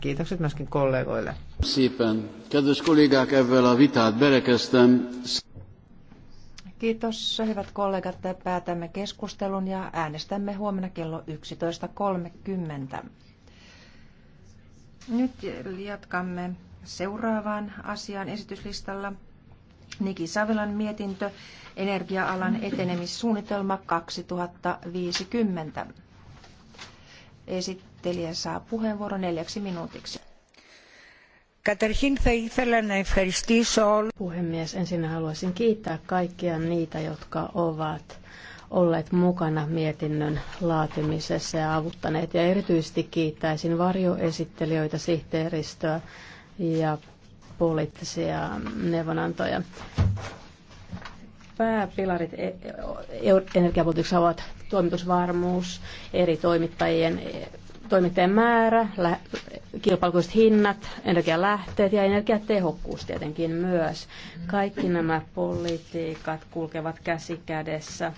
Kiitokset myöskin kollegoille. Siipen. Kedves kollegák, ezzel vitát berekeztem. Kiitos hyvät kollegat. Päätämme keskustelun ja äänestämme huomenna kello 11.30. Nyt jatkamme seuraavaan asiaan esityslistalla. Niki Savelan mietintö, energia-alan etenemissuunnitelma 2050. Esittelijä saa puheenvuoron neljäksi minuutiksi. Καταρχήν Puhemies, ensin haluaisin kiittää kaikkia niitä, jotka ovat olleet mukana mietinnön laatimisessa ja avuttaneet. Ja erityisesti kiittäisin varjoesittelijöitä, sihteeristöä ja poliittisia neuvonantoja pääpilarit e- e- e- energiapolitiikassa ovat toimitusvarmuus, eri toimittajien toimittajien määrä, kilpailukykyiset hinnat, energialähteet ja energiatehokkuus tietenkin myös. Kaikki nämä politiikat kulkevat käsi kädessä,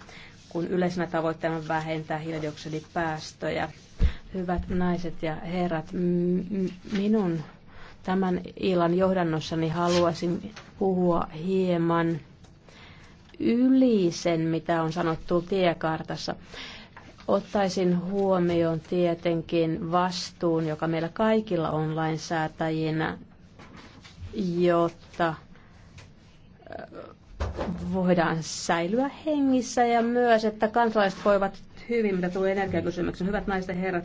kun yleisenä tavoitteena on vähentää hiilidioksidipäästöjä. Hyvät naiset ja herrat, minun tämän illan johdannossani haluaisin puhua hieman yli sen, mitä on sanottu tiekartassa. Ottaisin huomioon tietenkin vastuun, joka meillä kaikilla on lainsäätäjinä, jotta voidaan säilyä hengissä ja myös, että kansalaiset voivat hyvin, mitä tulee energiakysymykseen. Hyvät naiset ja herrat,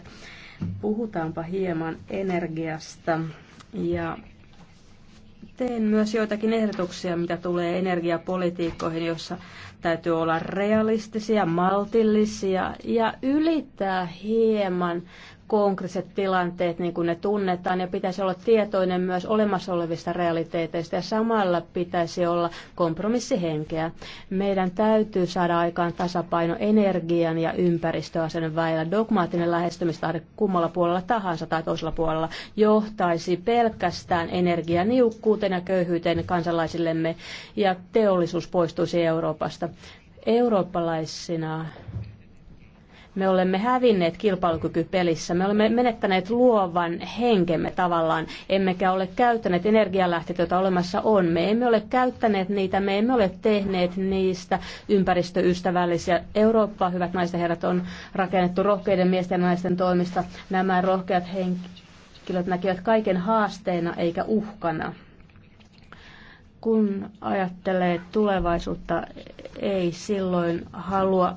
puhutaanpa hieman energiasta ja Teen myös joitakin ehdotuksia, mitä tulee energiapolitiikkoihin, jossa Täytyy olla realistisia, maltillisia ja ylittää hieman konkreettiset tilanteet niin kuin ne tunnetaan ja pitäisi olla tietoinen myös olemassa olevista realiteeteista ja samalla pitäisi olla kompromissihenkeä. Meidän täytyy saada aikaan tasapaino energian ja ympäristöasennon väillä. Dogmaattinen lähestymistahde kummalla puolella tahansa tai toisella puolella johtaisi pelkästään energianiukkuuteen ja köyhyyteen kansalaisillemme ja teollisuus poistuisi Euroopasta mutta Eurooppalaisina me olemme hävinneet kilpailukykypelissä, me olemme menettäneet luovan henkemme tavallaan, emmekä ole käyttäneet energialähteitä, joita olemassa on. Me emme ole käyttäneet niitä, me emme ole tehneet niistä ympäristöystävällisiä. Eurooppa, hyvät naiset ja herrat, on rakennettu rohkeiden miesten ja naisten toimista. Nämä rohkeat henkilöt näkivät kaiken haasteena eikä uhkana kun ajattelee tulevaisuutta, ei silloin halua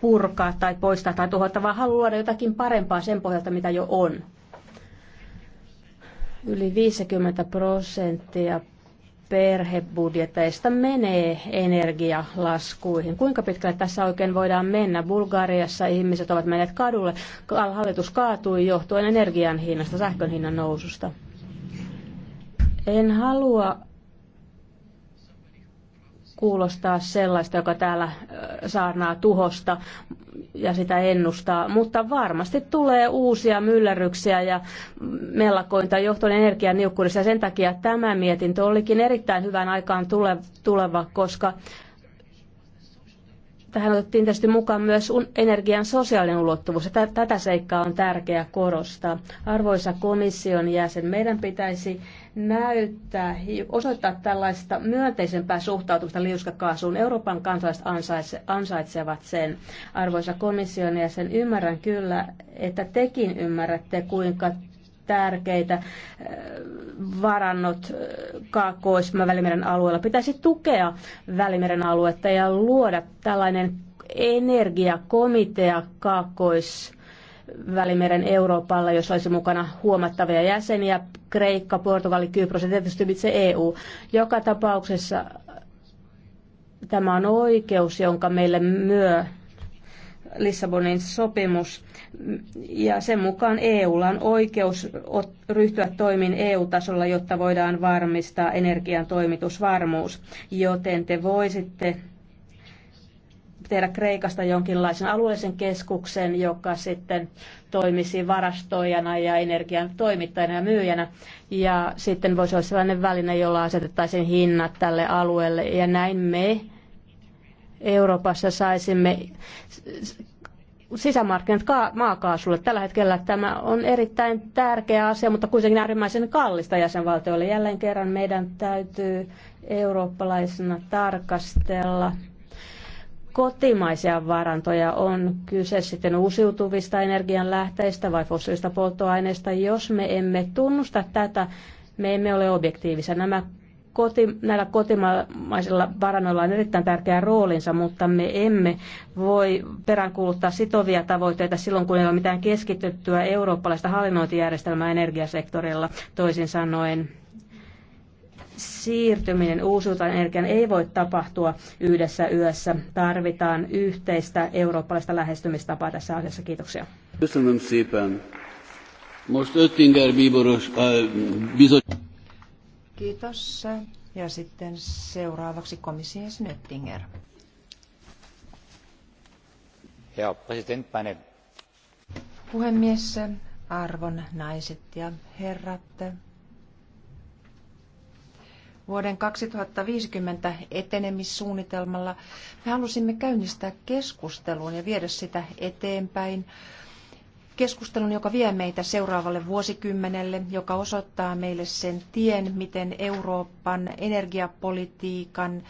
purkaa tai poistaa tai tuhota, vaan haluaa luoda jotakin parempaa sen pohjalta, mitä jo on. Yli 50 prosenttia perhebudjeteista menee energialaskuihin. Kuinka pitkälle tässä oikein voidaan mennä? Bulgariassa ihmiset ovat menneet kadulle. Hallitus kaatui johtuen energian hinnasta, sähkön hinnan noususta. En halua kuulostaa sellaista, joka täällä saarnaa tuhosta ja sitä ennustaa, mutta varmasti tulee uusia myllerryksiä ja mellakointa johtuen energian niukkuudessa. sen takia tämä mietintö olikin erittäin hyvän aikaan tuleva, koska Tähän otettiin tietysti mukaan myös energian sosiaalinen ulottuvuus, ja tätä seikkaa on tärkeää korostaa. Arvoisa komission jäsen, meidän pitäisi näyttää, osoittaa tällaista myönteisempää suhtautumista liuskakaasuun. Euroopan kansalaiset ansaitsevat sen. Arvoisa komission jäsen, ymmärrän kyllä, että tekin ymmärrätte, kuinka tärkeitä äh, varannot äh, Kaakkois-Välimeren alueella. Pitäisi tukea Välimeren aluetta ja luoda tällainen energiakomitea Kaakkois- Välimeren Euroopalla, jos olisi mukana huomattavia jäseniä, Kreikka, Portugali, Kypros ja tietysti itse EU. Joka tapauksessa tämä on oikeus, jonka meille myö Lissabonin sopimus ja sen mukaan EUlla on oikeus ryhtyä toimiin EU-tasolla, jotta voidaan varmistaa energian toimitusvarmuus, joten te voisitte tehdä Kreikasta jonkinlaisen alueellisen keskuksen, joka sitten toimisi varastoijana ja energian toimittajana ja myyjänä. Ja sitten voisi olla sellainen väline, jolla asetettaisiin hinnat tälle alueelle. Ja näin me Euroopassa saisimme sisämarkkinat maakaasulle. Tällä hetkellä tämä on erittäin tärkeä asia, mutta kuitenkin äärimmäisen kallista jäsenvaltioille. Jälleen kerran meidän täytyy eurooppalaisena tarkastella kotimaisia varantoja. On kyse sitten uusiutuvista energianlähteistä vai fossiilista polttoaineista. Jos me emme tunnusta tätä, me emme ole objektiivisia. Nämä koti, näillä kotimaisilla varannoilla on erittäin tärkeä roolinsa, mutta me emme voi peräänkuuluttaa sitovia tavoitteita silloin, kun ei ole mitään keskityttyä eurooppalaista hallinnointijärjestelmää energiasektorilla. Toisin sanoen siirtyminen uusiutuvan energian ei voi tapahtua yhdessä yössä. Tarvitaan yhteistä eurooppalaista lähestymistapaa tässä asiassa. Kiitoksia. Köszönöm szépen. Most Öttinger bíboros, äh, bizony... Kiitos. Ja sitten seuraavaksi komission Oettinger. Herr Präsident, meine Puhemies, arvon naiset ja herrat. Vuoden 2050 etenemissuunnitelmalla me halusimme käynnistää keskustelun ja viedä sitä eteenpäin keskustelun, joka vie meitä seuraavalle vuosikymmenelle, joka osoittaa meille sen tien, miten Euroopan energiapolitiikan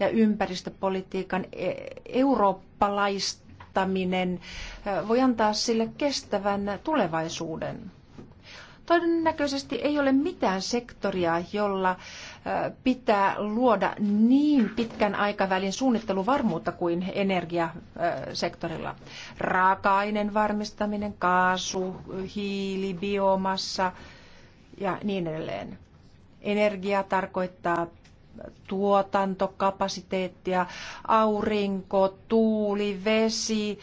ja ympäristöpolitiikan e- eurooppalaistaminen voi antaa sille kestävän tulevaisuuden. Todennäköisesti ei ole mitään sektoria, jolla pitää luoda niin pitkän aikavälin suunnitteluvarmuutta kuin energiasektorilla. Raaka-aineen varmistaminen, kaasu, hiili, biomassa ja niin edelleen. Energia tarkoittaa tuotantokapasiteettia, aurinko, tuuli, vesi,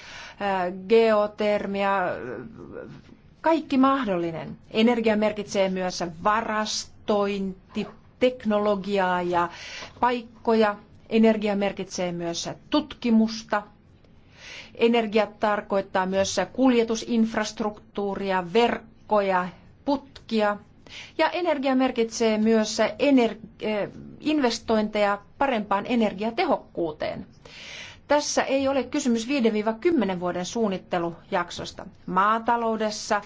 geotermia, kaikki mahdollinen. Energia merkitsee myös varastointi, teknologiaa ja paikkoja. Energia merkitsee myös tutkimusta. Energia tarkoittaa myös kuljetusinfrastruktuuria, verkkoja, putkia. Ja energia merkitsee myös eh, investointeja parempaan energiatehokkuuteen. Tässä ei ole kysymys 5-10 vuoden suunnittelujaksosta. Maataloudessa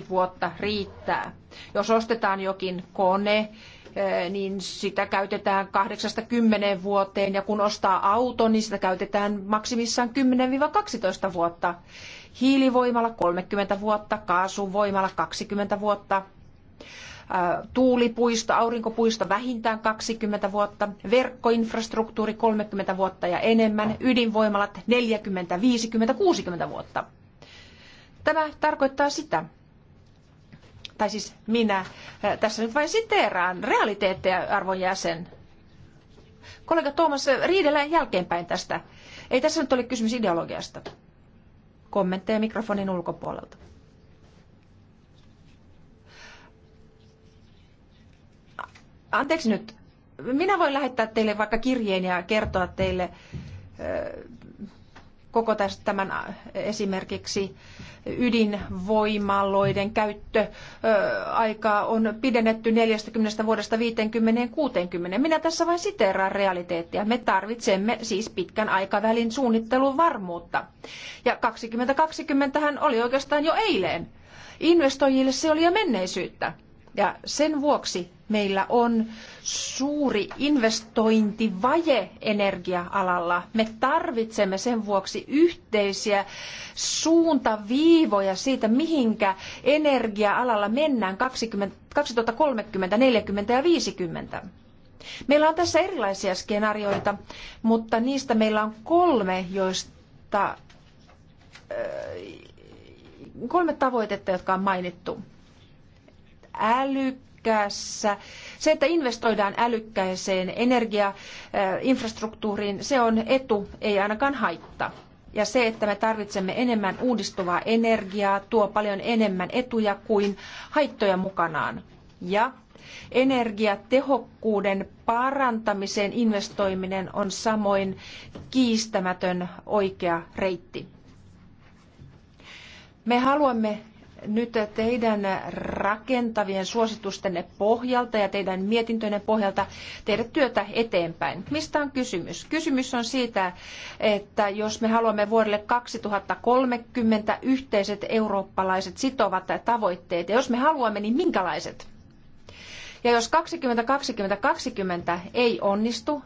3-5 vuotta riittää. Jos ostetaan jokin kone, eh, niin sitä käytetään 8-10 vuoteen ja kun ostaa auto, niin sitä käytetään maksimissaan 10-12 vuotta. Hiilivoimalla 30 vuotta, kaasuvoimalla 20 vuotta tuulipuisto, aurinkopuisto vähintään 20 vuotta, verkkoinfrastruktuuri 30 vuotta ja enemmän, ydinvoimalat 40, 50, 60 vuotta. Tämä tarkoittaa sitä, tai siis minä tässä nyt vain siteeraan realiteetteja arvon jäsen. Kollega Tuomas riidellään jälkeenpäin tästä. Ei tässä nyt ole kysymys ideologiasta. Kommentteja mikrofonin ulkopuolelta. Anteeksi nyt, minä voin lähettää teille vaikka kirjeen ja kertoa teille koko tästä tämän esimerkiksi ydinvoimaloiden aikaa on pidennetty 40 vuodesta 50-60. Minä tässä vain siteeraan realiteettia. Me tarvitsemme siis pitkän aikavälin suunnittelun varmuutta. Ja 2020 hän oli oikeastaan jo eilen. Investoijille se oli jo menneisyyttä. Ja sen vuoksi Meillä on suuri investointivaje energia-alalla. Me tarvitsemme sen vuoksi yhteisiä suuntaviivoja siitä, mihinkä energia-alalla mennään 20, 2030, 40 ja 50. Meillä on tässä erilaisia skenaarioita, mutta niistä meillä on kolme, joista kolme tavoitetta, jotka on mainittu. Äly, älykkäässä, se, että investoidaan älykkäiseen energiainfrastruktuuriin, se on etu, ei ainakaan haitta. Ja se, että me tarvitsemme enemmän uudistuvaa energiaa, tuo paljon enemmän etuja kuin haittoja mukanaan. Ja energiatehokkuuden parantamiseen investoiminen on samoin kiistämätön oikea reitti. Me haluamme nyt teidän rakentavien suositustenne pohjalta ja teidän mietintöjen pohjalta tehdä työtä eteenpäin. Mistä on kysymys? Kysymys on siitä, että jos me haluamme vuodelle 2030 yhteiset eurooppalaiset sitovat tavoitteet, ja jos me haluamme, niin minkälaiset? Ja jos 2020-2020 ei onnistu,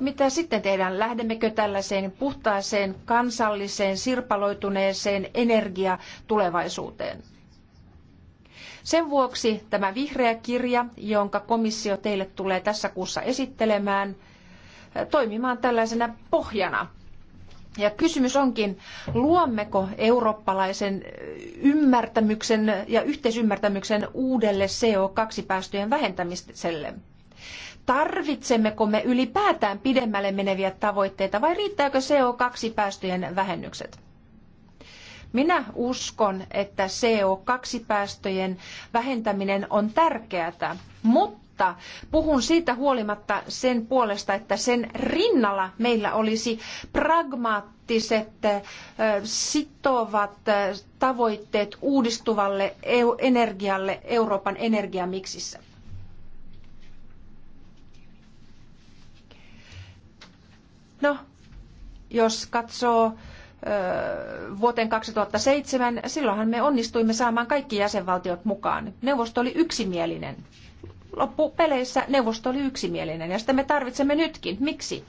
mitä sitten tehdään? Lähdemmekö tällaiseen puhtaaseen, kansalliseen, sirpaloituneeseen energiatulevaisuuteen? Sen vuoksi tämä vihreä kirja, jonka komissio teille tulee tässä kuussa esittelemään, toimimaan tällaisena pohjana. Ja kysymys onkin, luommeko eurooppalaisen ymmärtämyksen ja yhteisymmärtämyksen uudelle CO2-päästöjen vähentämiselle? Tarvitsemmeko me ylipäätään pidemmälle meneviä tavoitteita vai riittääkö CO2-päästöjen vähennykset? Minä uskon, että CO2-päästöjen vähentäminen on tärkeää, mutta puhun siitä huolimatta sen puolesta, että sen rinnalla meillä olisi pragmaattiset sitovat tavoitteet uudistuvalle e- energialle Euroopan energiamiksissä. No, jos katsoo vuoteen 2007, silloinhan me onnistuimme saamaan kaikki jäsenvaltiot mukaan. Neuvosto oli yksimielinen. Loppupeleissä neuvosto oli yksimielinen ja sitä me tarvitsemme nytkin. Miksi?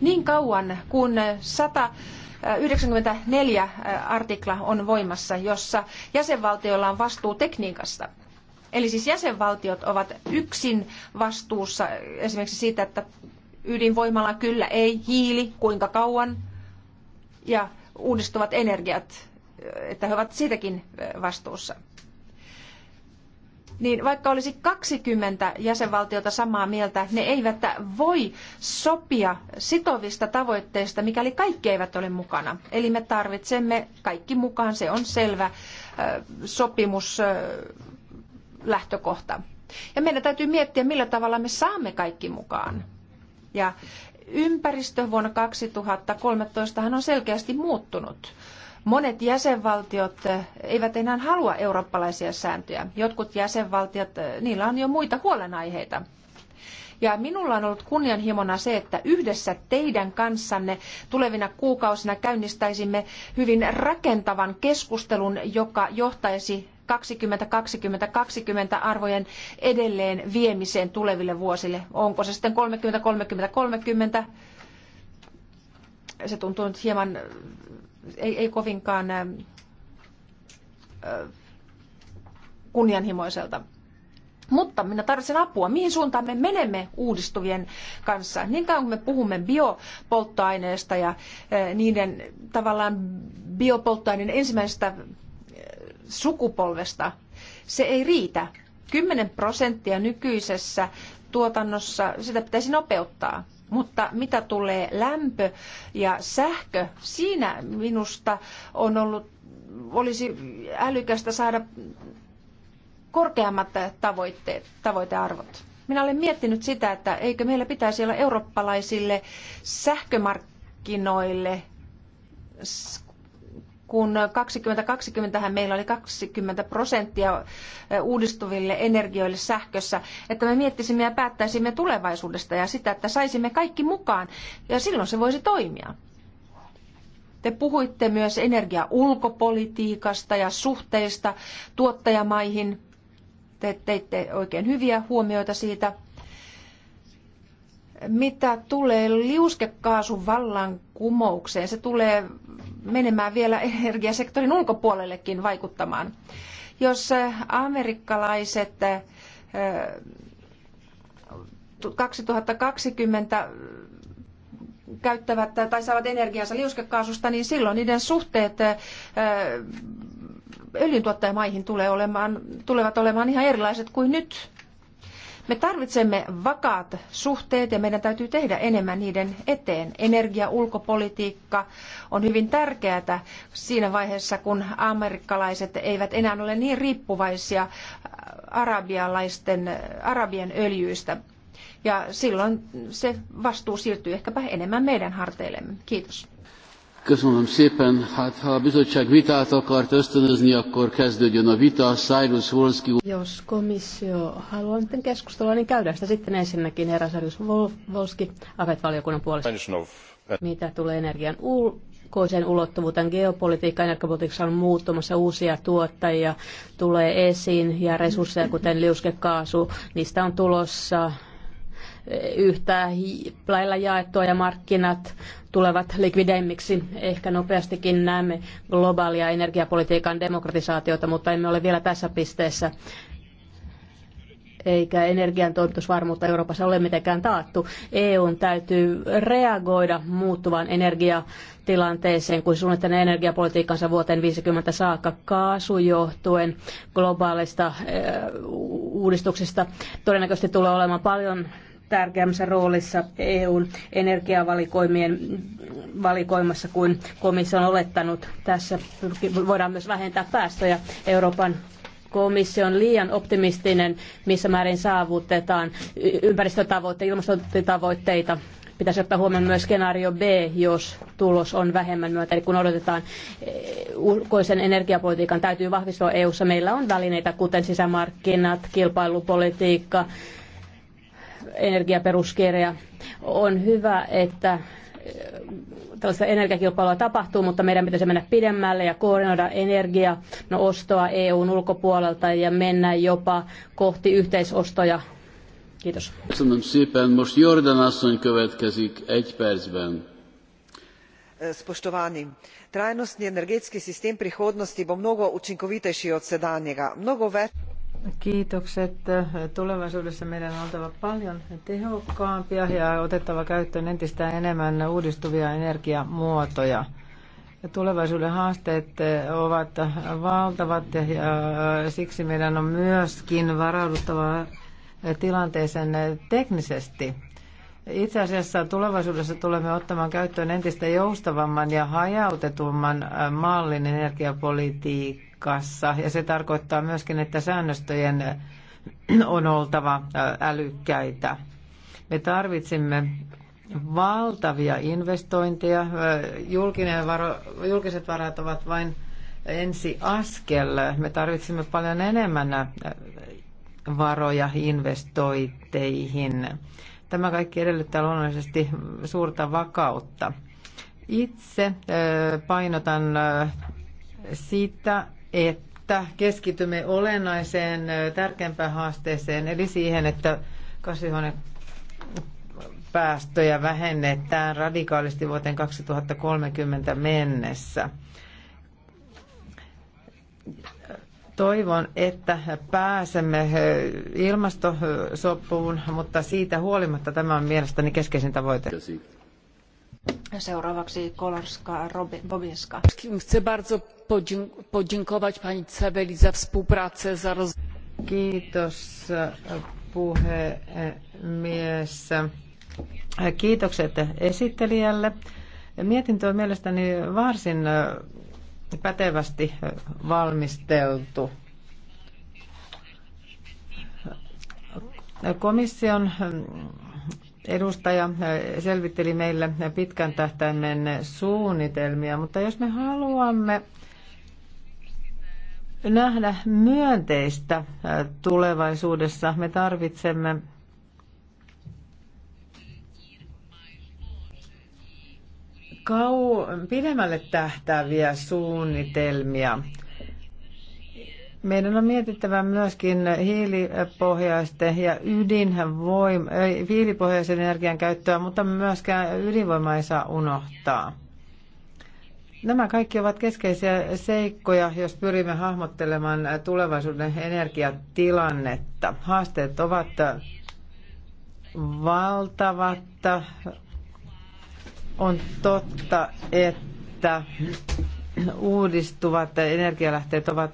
Niin kauan kun 194 artikla on voimassa, jossa jäsenvaltioilla on vastuu tekniikasta. Eli siis jäsenvaltiot ovat yksin vastuussa esimerkiksi siitä, että ydinvoimalla, kyllä ei, hiili, kuinka kauan, ja uudistuvat energiat, että he ovat siitäkin vastuussa. Niin vaikka olisi 20 jäsenvaltiota samaa mieltä, ne eivät voi sopia sitovista tavoitteista, mikäli kaikki eivät ole mukana. Eli me tarvitsemme kaikki mukaan, se on selvä sopimuslähtökohta. Ja meidän täytyy miettiä, millä tavalla me saamme kaikki mukaan. Ja ympäristö vuonna 2013 on selkeästi muuttunut. Monet jäsenvaltiot eh, eivät enää halua eurooppalaisia sääntöjä. Jotkut jäsenvaltiot, eh, niillä on jo muita huolenaiheita. Ja minulla on ollut kunnianhimona se, että yhdessä teidän kanssanne tulevina kuukausina käynnistäisimme hyvin rakentavan keskustelun, joka johtaisi 2020-2020 arvojen edelleen viemiseen tuleville vuosille. Onko se sitten 30-30-30? Se tuntuu nyt hieman, ei, ei kovinkaan äh, kunnianhimoiselta. Mutta minä tarvitsen apua. Mihin suuntaan me menemme uudistuvien kanssa? Niin kauan kun me puhumme biopolttoaineesta ja äh, niiden tavallaan biopolttoaineen ensimmäisestä sukupolvesta. Se ei riitä. 10 prosenttia nykyisessä tuotannossa, sitä pitäisi nopeuttaa. Mutta mitä tulee lämpö ja sähkö, siinä minusta on ollut, olisi älykästä saada korkeammat tavoitteet, tavoitearvot. Minä olen miettinyt sitä, että eikö meillä pitäisi olla eurooppalaisille sähkömarkkinoille kun 2020 meillä oli 20 prosenttia eh, uudistuville energioille sähkössä, että me miettisimme ja päättäisimme tulevaisuudesta ja sitä, että saisimme kaikki mukaan ja silloin se voisi toimia. Te puhuitte myös ulkopolitiikasta ja suhteista tuottajamaihin. Te teitte oikein hyviä huomioita siitä. Mitä tulee liuskekaasun vallankumoukseen, se tulee menemään vielä energiasektorin ulkopuolellekin vaikuttamaan. Jos äh, amerikkalaiset 2020 äh, äh, käyttävät tai saavat energiansa liuskekaasusta, niin silloin niiden suhteet öljyntuottajamaihin tulee olemaan, tulevat olemaan ihan erilaiset kuin nyt. Me tarvitsemme vakaat suhteet ja meidän täytyy tehdä enemmän niiden eteen. Energia, ulkopolitiikka on hyvin tärkeää siinä vaiheessa, kun amerikkalaiset eivät enää ole niin riippuvaisia äh, arabialaisten, äh, arabien öljyistä. Ja silloin se vastuu siirtyy ehkäpä enemmän meidän harteillemme. Kiitos. Köszönöm szépen. Hát ha a bizottság vitát akart ösztönözni, akkor kezdődjön a vita. Cyrus Wolski... Jos komissio haluaa nyt keskustella, niin käydään sitä sitten ensinnäkin herra Cyrus Wolski AFET-valiokunnan puolesta. Mitä tulee energian ulkoisen ulottuvuuteen, geopolitiikka, energiapolitiikka on muuttumassa, uusia tuottajia tulee esiin ja resursseja, kuten liuskekaasu, niistä on tulossa yhtä lailla jaettua ja markkinat tulevat likvideimmiksi. Ehkä nopeastikin näemme globaalia energiapolitiikan demokratisaatiota, mutta emme ole vielä tässä pisteessä eikä energian toimitusvarmuutta Euroopassa ole mitenkään taattu. EUn täytyy reagoida muuttuvaan energiatilanteeseen, kun suunnittelee energiapolitiikkansa vuoteen 50 saakka kaasu johtuen globaalista eh, uudistuksista. Todennäköisesti tulee olemaan paljon tärkeämmässä roolissa EUn energiavalikoimien valikoimassa kuin komissio on olettanut. Tässä voidaan myös vähentää päästöjä Euroopan komissio on liian optimistinen, missä määrin saavutetaan ympäristötavoitteita, ilmastotavoitteita. Pitäisi ottaa huomioon myös skenaario B, jos tulos on vähemmän myötä, eli kun odotetaan e, ulkoisen energiapolitiikan täytyy vahvistua EU-ssa. Meillä on välineitä, kuten sisämarkkinat, kilpailupolitiikka, energiaperuskirja. On hyvä, että äh, tällaista energiakilpailua tapahtuu, mutta meidän pitäisi mennä pidemmälle ja koordinoida energia, no ostoa EUn ulkopuolelta ja mennä jopa kohti yhteisostoja. Kiitos. Köszönöm szépen. Most Jordan asszony következik egy percben. E, spoštovani, trajnostni energetski sistem prihodnosti bo mnogo učinkovitejši od sedanjega. Mnogo več... Kiitokset. Tulevaisuudessa meidän on oltava paljon tehokkaampia ja otettava käyttöön entistä enemmän uudistuvia energiamuotoja. Tulevaisuuden haasteet ovat valtavat ja siksi meidän on myöskin varauduttava tilanteeseen teknisesti. Itse asiassa tulevaisuudessa tulemme ottamaan käyttöön entistä joustavamman ja hajautetumman mallin energiapolitiikkaa kanssa. Ja se tarkoittaa myöskin, että säännöstöjen on oltava älykkäitä. Me tarvitsemme valtavia investointeja. Julkinen varo, julkiset varat ovat vain ensi askel. Me tarvitsemme paljon enemmän varoja investointeihin. Tämä kaikki edellyttää luonnollisesti suurta vakautta. Itse painotan sitä, että keskitymme olennaiseen tärkeimpään haasteeseen, eli siihen, että kasvihuonepäästöjä vähennetään radikaalisti vuoteen 2030 mennessä. Toivon, että pääsemme ilmastosoppuun, mutta siitä huolimatta tämä on mielestäni keskeisin tavoite. Seuraavaksi Kolorska Bobinska. Chcę bardzo podziękować pani tzaveli za współpracę, za roz... Kiitos puhemies. Kiitokset esittelijälle. Mietintö on mielestäni varsin pätevästi valmisteltu. Komission edustaja selvitteli meille pitkän tähtäimen suunnitelmia, mutta jos me haluamme nähdä myönteistä äh, tulevaisuudessa, me tarvitsemme kau- pidemmälle tähtääviä suunnitelmia. Meidän on mietittävä myöskin hiilipohjaisten ja ydinvoim- hiilipohjaisen energian käyttöä, mutta myöskään ydinvoimaa ei saa unohtaa. Nämä kaikki ovat keskeisiä seikkoja, jos pyrimme hahmottelemaan tulevaisuuden energiatilannetta. Haasteet ovat valtavat. On totta, että uudistuvat energialähteet ovat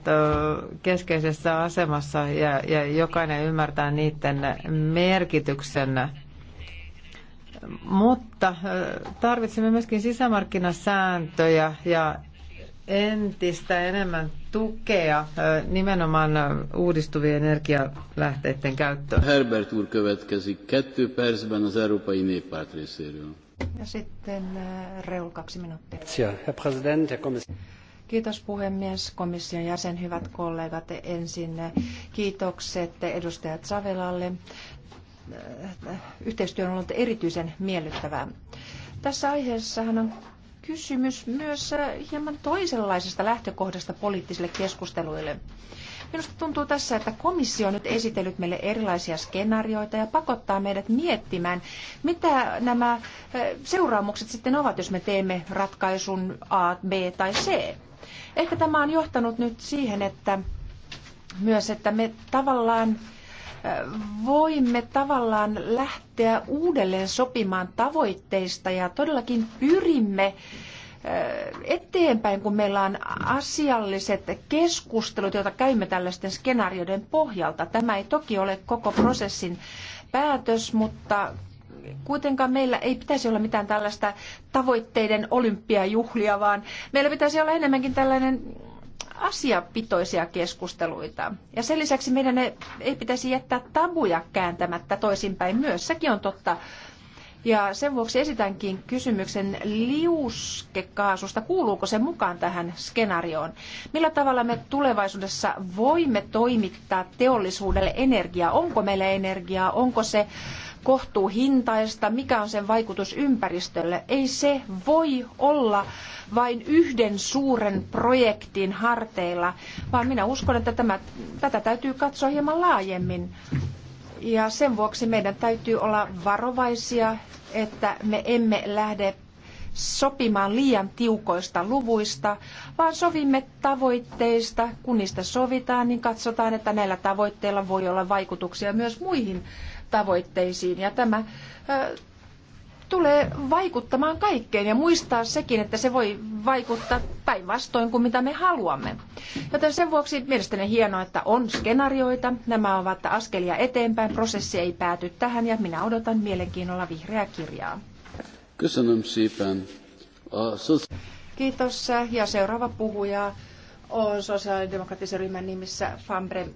keskeisessä asemassa ja, ja jokainen ymmärtää niiden merkityksen. Mutta tarvitsemme myöskin sisämarkkinasääntöjä ja entistä enemmän tukea nimenomaan uudistuvien energialähteiden käyttöön. Herbert úr következik kettő az Európai Néppárt részéről. Ja sitten äh, Reul kaksi minuuttia. Herr Präsident, Herr Kiitos puhemies, komission jäsen, hyvät kollegat. Ensin äh, kiitokset edustajat Savelalle. Äh, yhteistyö on ollut erityisen miellyttävää. Tässä aiheessahan on kysymys myös hieman toisenlaisesta lähtökohdasta poliittisille keskusteluille. Minusta tuntuu tässä, että komissio on nyt esitellyt meille erilaisia skenaarioita ja pakottaa meidät miettimään, mitä nämä eh, seuraamukset sitten ovat, jos me teemme ratkaisun A, B tai C. Ehkä tämä on johtanut nyt siihen, että myös, että me tavallaan eh, voimme tavallaan lähteä uudelleen sopimaan tavoitteista ja todellakin pyrimme eteenpäin, kun meillä on asialliset keskustelut, joita käymme tällaisten skenaarioiden pohjalta. Tämä ei toki ole koko prosessin päätös, mutta kuitenkaan meillä ei pitäisi olla mitään tällaista tavoitteiden olympiajuhlia, vaan meillä pitäisi olla enemmänkin tällainen asiapitoisia keskusteluita. Ja sen lisäksi meidän ei pitäisi jättää tabuja kääntämättä toisinpäin myös. Sekin on totta, ja sen vuoksi esitänkin kysymyksen liuskekaasusta. Kuuluuko se mukaan tähän skenaarioon? Millä tavalla me tulevaisuudessa voimme toimittaa teollisuudelle energiaa? Onko meillä energiaa? Onko se kohtuuhintaista? Mikä on sen vaikutus ympäristölle? Ei se voi olla vain yhden suuren projektin harteilla, vaan minä uskon, että tämä, tätä täytyy katsoa hieman laajemmin. Ja sen vuoksi meidän täytyy olla varovaisia, että me emme lähde sopimaan liian tiukoista luvuista, vaan sovimme tavoitteista. Kun niistä sovitaan, niin katsotaan, että näillä tavoitteilla voi olla vaikutuksia myös muihin tavoitteisiin. Ja tämä tulee vaikuttamaan kaikkeen ja muistaa sekin, että se voi vaikuttaa päinvastoin kuin mitä me haluamme. Joten sen vuoksi mielestäni hienoa, että on skenaarioita. Nämä ovat askelia eteenpäin. Prosessi ei pääty tähän ja minä odotan mielenkiinnolla vihreää kirjaa. Kiitos. Ja seuraava puhuja on sosiaalidemokraattisen ryhmän nimissä Fambre.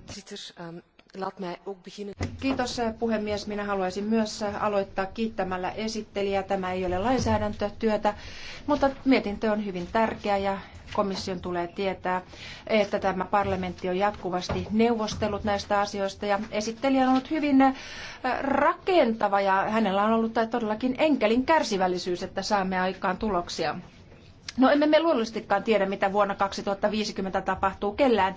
Kiitos eh, puhemies. Minä haluaisin myös eh, aloittaa kiittämällä esittelijää. Tämä ei ole lainsäädäntötyötä, mutta mietintö on hyvin tärkeä ja komission tulee tietää, että tämä parlamentti on jatkuvasti neuvostellut näistä asioista ja esittelijä on ollut hyvin eh, rakentava ja hänellä on ollut todellakin enkelin kärsivällisyys, että saamme aikaan tuloksia. No emme me luonnollisestikaan tiedä, mitä vuonna 2050 tapahtuu. Kellään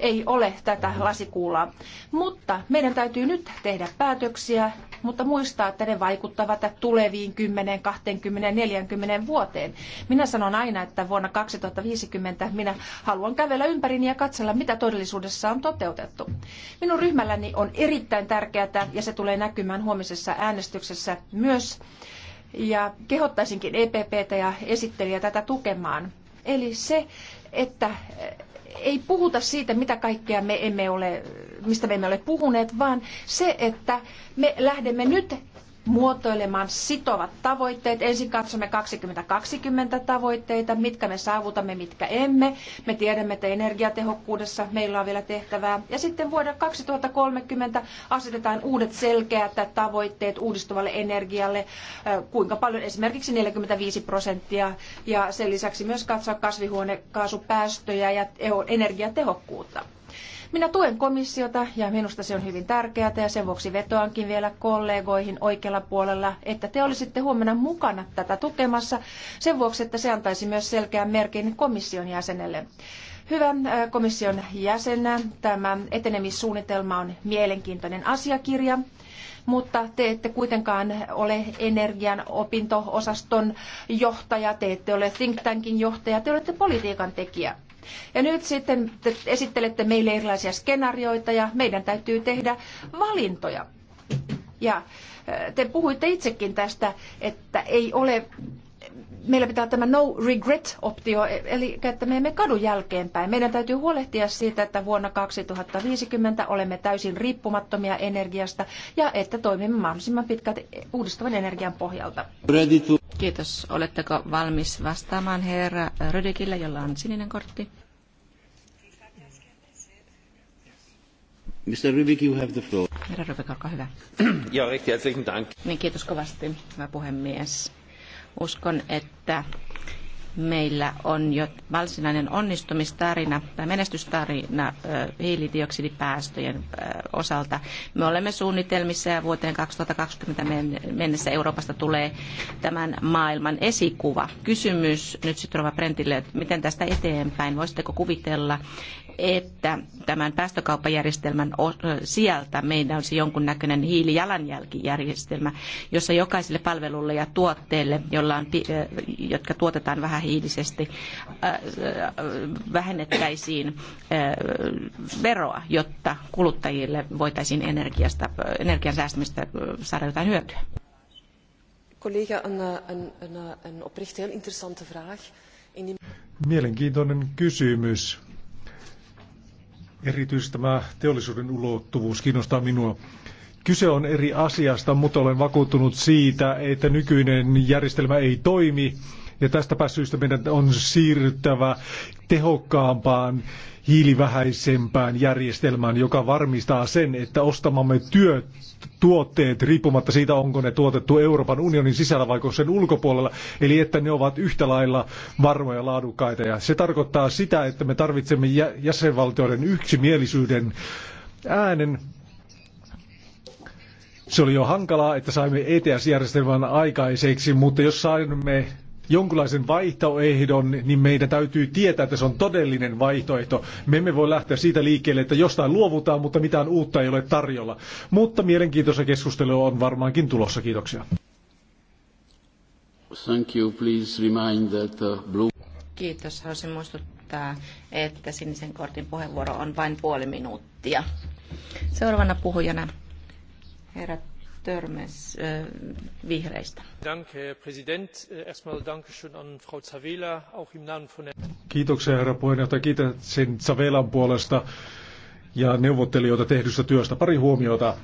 ei ole tätä lasikuulaa. Mutta meidän täytyy nyt tehdä päätöksiä, mutta muistaa, että ne vaikuttavat tuleviin 10, 20, 40 vuoteen. Minä sanon aina, että vuonna 2050 minä haluan kävellä ympärini ja katsella, mitä todellisuudessa on toteutettu. Minun ryhmälläni on erittäin tärkeää, ja se tulee näkymään huomisessa äänestyksessä myös ja kehottaisinkin EPPtä ja esittelijä tätä tukemaan. Eli se, että eh, ei puhuta siitä, mitä kaikkea me emme ole, mistä me emme ole puhuneet, vaan se, että me lähdemme nyt muotoilemaan sitovat tavoitteet. Ensin katsomme 2020 tavoitteita, mitkä me saavutamme, mitkä emme. Me tiedämme, että energiatehokkuudessa meillä on vielä tehtävää. Ja sitten vuoden 2030 asetetaan uudet selkeät tavoitteet uudistuvalle energialle, äh, kuinka paljon esimerkiksi 45 prosenttia. Ja sen lisäksi myös katsoa kasvihuonekaasupäästöjä ja e- energiatehokkuutta. Minä tuen komissiota ja minusta se on hyvin tärkeää ja sen vuoksi vetoankin vielä kollegoihin oikealla puolella, että te olisitte huomenna mukana tätä tukemassa sen vuoksi, että se antaisi myös selkeän merkin komission jäsenelle. Hyvä äh, komission jäsenä, tämä etenemissuunnitelma on mielenkiintoinen asiakirja mutta te ette kuitenkaan ole energian opinto-osaston johtaja, te ette ole think tankin johtaja, te olette politiikan tekijä. Ja nyt sitten te esittelette meille erilaisia skenaarioita ja meidän täytyy tehdä valintoja. Ja te puhuitte itsekin tästä, että ei ole meillä pitää olla tämä no regret-optio, eli että me emme kadu jälkeenpäin. Meidän täytyy huolehtia siitä, että vuonna 2050 olemme täysin riippumattomia energiasta ja että toimimme mahdollisimman pitkälti uudistuvan energian pohjalta. Kiitos. Oletteko valmis vastaamaan herra Rödekille, jolla on sininen kortti? Mr. Rubik, you have the floor. Herra Rubik, olkaa hyvä. Ja, recht herzlichen Dank. Niin, kiitos kovasti, hyvä puhemies. Uskon, että meillä on jo varsinainen onnistumistarina tai menestystarina hiilidioksidipäästöjen osalta. Me olemme suunnitelmissa ja vuoteen 2020 mennessä Euroopasta tulee tämän maailman esikuva. Kysymys nyt sitten Rova Brentille, että miten tästä eteenpäin? Voisitteko kuvitella, että tämän päästökauppajärjestelmän sieltä meidän olisi jonkunnäköinen hiilijalanjälkijärjestelmä, jossa jokaiselle palvelulle ja tuotteelle, jolla on, jotka tuotetaan vähähiilisesti, vähennettäisiin veroa, jotta kuluttajille voitaisiin energiasta, energian säästämistä saada jotain hyötyä. Kollega een, een, interessante vraag. Mielenkiintoinen kysymys. Erityisesti tämä teollisuuden ulottuvuus kiinnostaa minua. Kyse on eri asiasta, mutta olen vakuuttunut siitä, että nykyinen järjestelmä ei toimi ja tästäpä syystä meidän on siirryttävä tehokkaampaan, hiilivähäisempään järjestelmään, joka varmistaa sen, että ostamamme työt, tuotteet, riippumatta siitä, onko ne tuotettu Euroopan unionin sisällä vai sen ulkopuolella, eli että ne ovat yhtä lailla varmoja ja laadukkaita. Ja se tarkoittaa sitä, että me tarvitsemme jäsenvaltioiden yksimielisyyden äänen se oli jo hankalaa, että saimme ETS-järjestelmän aikaiseksi, mutta jos saimme jonkunlaisen vaihtoehdon, niin meidän täytyy tietää, että se on todellinen vaihtoehto. Me emme voi lähteä siitä liikkeelle, että jostain luovutaan, mutta mitään uutta ei ole tarjolla. Mutta mielenkiintoista keskustelua on varmaankin tulossa. Kiitoksia. Thank you. Please remind that uh, blue... Kiitos. Haluaisin muistuttaa, että sinisen kortin puheenvuoro on vain puoli minuuttia. Seuraavana puhujana herra Törmes vihreistä. Kiitoksia herra puheenjohtaja. Kiitän sen Savelan puolesta ja neuvottelijoita tehdystä työstä. Pari huomiota.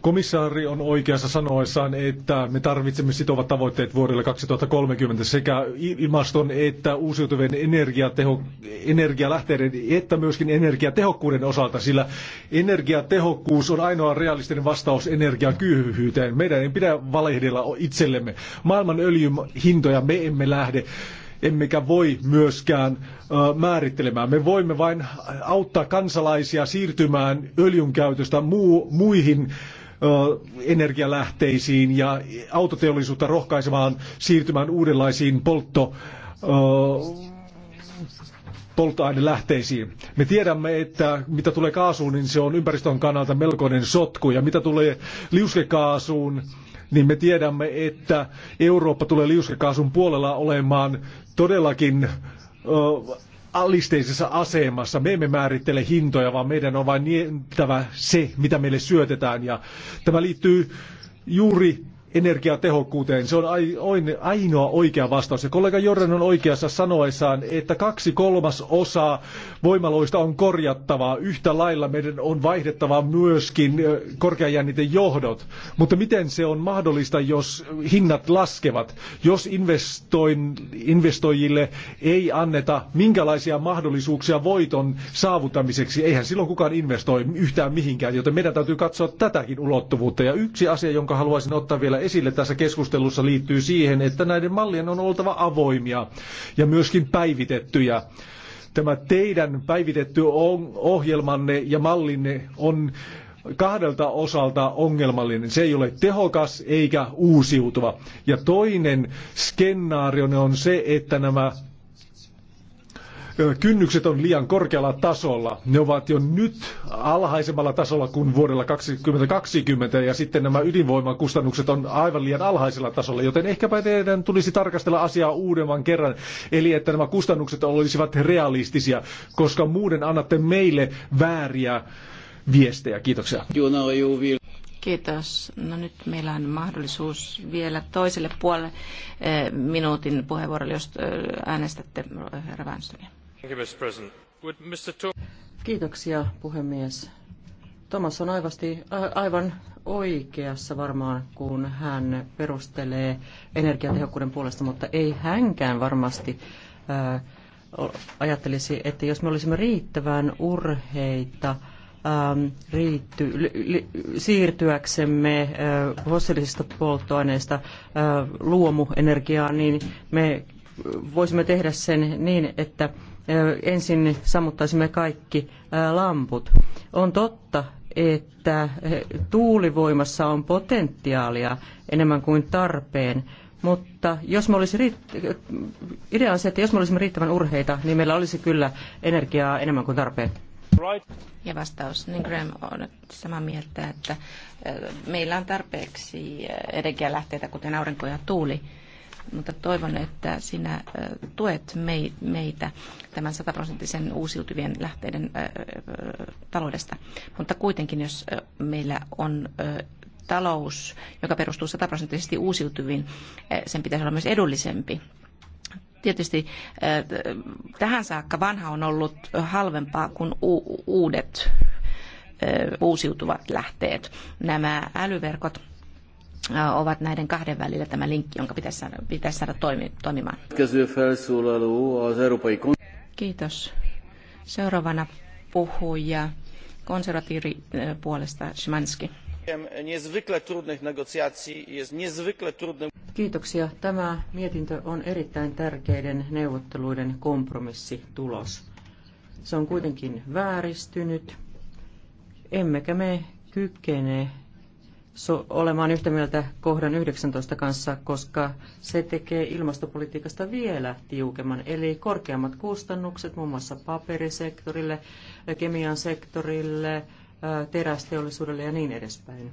Komissaari on oikeassa sanoessaan, että me tarvitsemme sitovat tavoitteet vuodelle 2030 sekä ilmaston että uusiutuvien energiateho, energialähteiden että myöskin energiatehokkuuden osalta, sillä energiatehokkuus on ainoa realistinen vastaus energiakyyhyyteen. Meidän ei pidä valehdella itsellemme. Maailman öljyn hintoja me emme lähde emmekä voi myöskään määrittelemään. Me voimme vain auttaa kansalaisia siirtymään öljyn käytöstä muu, muihin energialähteisiin ja autoteollisuutta rohkaisemaan siirtymään uudenlaisiin poltto polttoainelähteisiin. Me tiedämme, että mitä tulee kaasuun, niin se on ympäristön kannalta melkoinen sotku. Ja mitä tulee liuskekaasuun, niin me tiedämme, että Eurooppa tulee liuskekaasun puolella olemaan todellakin alisteisessa asemassa. Me emme määrittele hintoja, vaan meidän on vain nientävä se, mitä meille syötetään. Ja tämä liittyy juuri energiatehokkuuteen. Se on ainoa oikea vastaus. Ja kollega Jordan on oikeassa sanoessaan, että kaksi kolmas osaa voimaloista on korjattavaa. Yhtä lailla meidän on vaihdettava myöskin korkeajänniten johdot. Mutta miten se on mahdollista, jos hinnat laskevat? Jos investoijille ei anneta minkälaisia mahdollisuuksia voiton saavuttamiseksi, eihän silloin kukaan investoi yhtään mihinkään, joten meidän täytyy katsoa tätäkin ulottuvuutta. Ja yksi asia, jonka haluaisin ottaa vielä esille tässä keskustelussa liittyy siihen, että näiden mallien on oltava avoimia ja myöskin päivitettyjä. Tämä teidän päivitetty ohjelmanne ja mallinne on kahdelta osalta ongelmallinen. Se ei ole tehokas eikä uusiutuva. Ja toinen skenaario on se, että nämä Kynnykset on liian korkealla tasolla. Ne ovat jo nyt alhaisemmalla tasolla kuin vuodella 2020 ja sitten nämä ydinvoimakustannukset on aivan liian alhaisella tasolla, joten ehkäpä teidän tulisi tarkastella asiaa uudemman kerran, eli että nämä kustannukset olisivat realistisia, koska muuten annatte meille vääriä viestejä. Kiitoksia. Kiitos. No nyt meillä on mahdollisuus vielä toiselle puolelle eh, minuutin puheenvuorolle, jos eh, äänestätte herra Wernströmiä. Kiitoksia, puhemies. Thomas on aivasti, aivan oikeassa varmaan, kun hän perustelee energiatehokkuuden puolesta, mutta ei hänkään varmasti ää, ajattelisi, että jos me olisimme riittävän urheita ää, riitty, li, li, siirtyäksemme fossiilisista polttoaineista luomuenergiaan, niin me voisimme tehdä sen niin, että ensin sammuttaisimme kaikki lamput. On totta, että tuulivoimassa on potentiaalia enemmän kuin tarpeen, mutta jos me olisi riitt- idea on se, että jos me olisimme riittävän urheita, niin meillä olisi kyllä energiaa enemmän kuin tarpeen. Ja vastaus, niin Graham on samaa mieltä, että meillä on tarpeeksi energialähteitä, kuten aurinko ja tuuli, mutta toivon, että sinä tuet meitä tämän sataprosenttisen uusiutuvien lähteiden taloudesta. Mutta kuitenkin, jos meillä on talous, joka perustuu sataprosenttisesti uusiutuviin, sen pitäisi olla myös edullisempi tietysti tähän saakka vanha on ollut halvempaa kuin uudet uusiutuvat lähteet. Nämä älyverkot ovat näiden kahden välillä tämä linkki, jonka pitäisi saada, pitäisi saada toimi, toimimaan. Kiitos. Seuraavana puhuja konservatiivipuolesta Szymanski. Kiitoksia. Tämä mietintö on erittäin tärkeiden neuvotteluiden kompromissitulos. Se on kuitenkin vääristynyt, emmekä me kykene olemaan yhtä mieltä kohdan 19 kanssa, koska se tekee ilmastopolitiikasta vielä tiukemman. Eli korkeammat kustannukset muun muassa paperisektorille, kemian sektorille, terästeollisuudelle ja niin edespäin.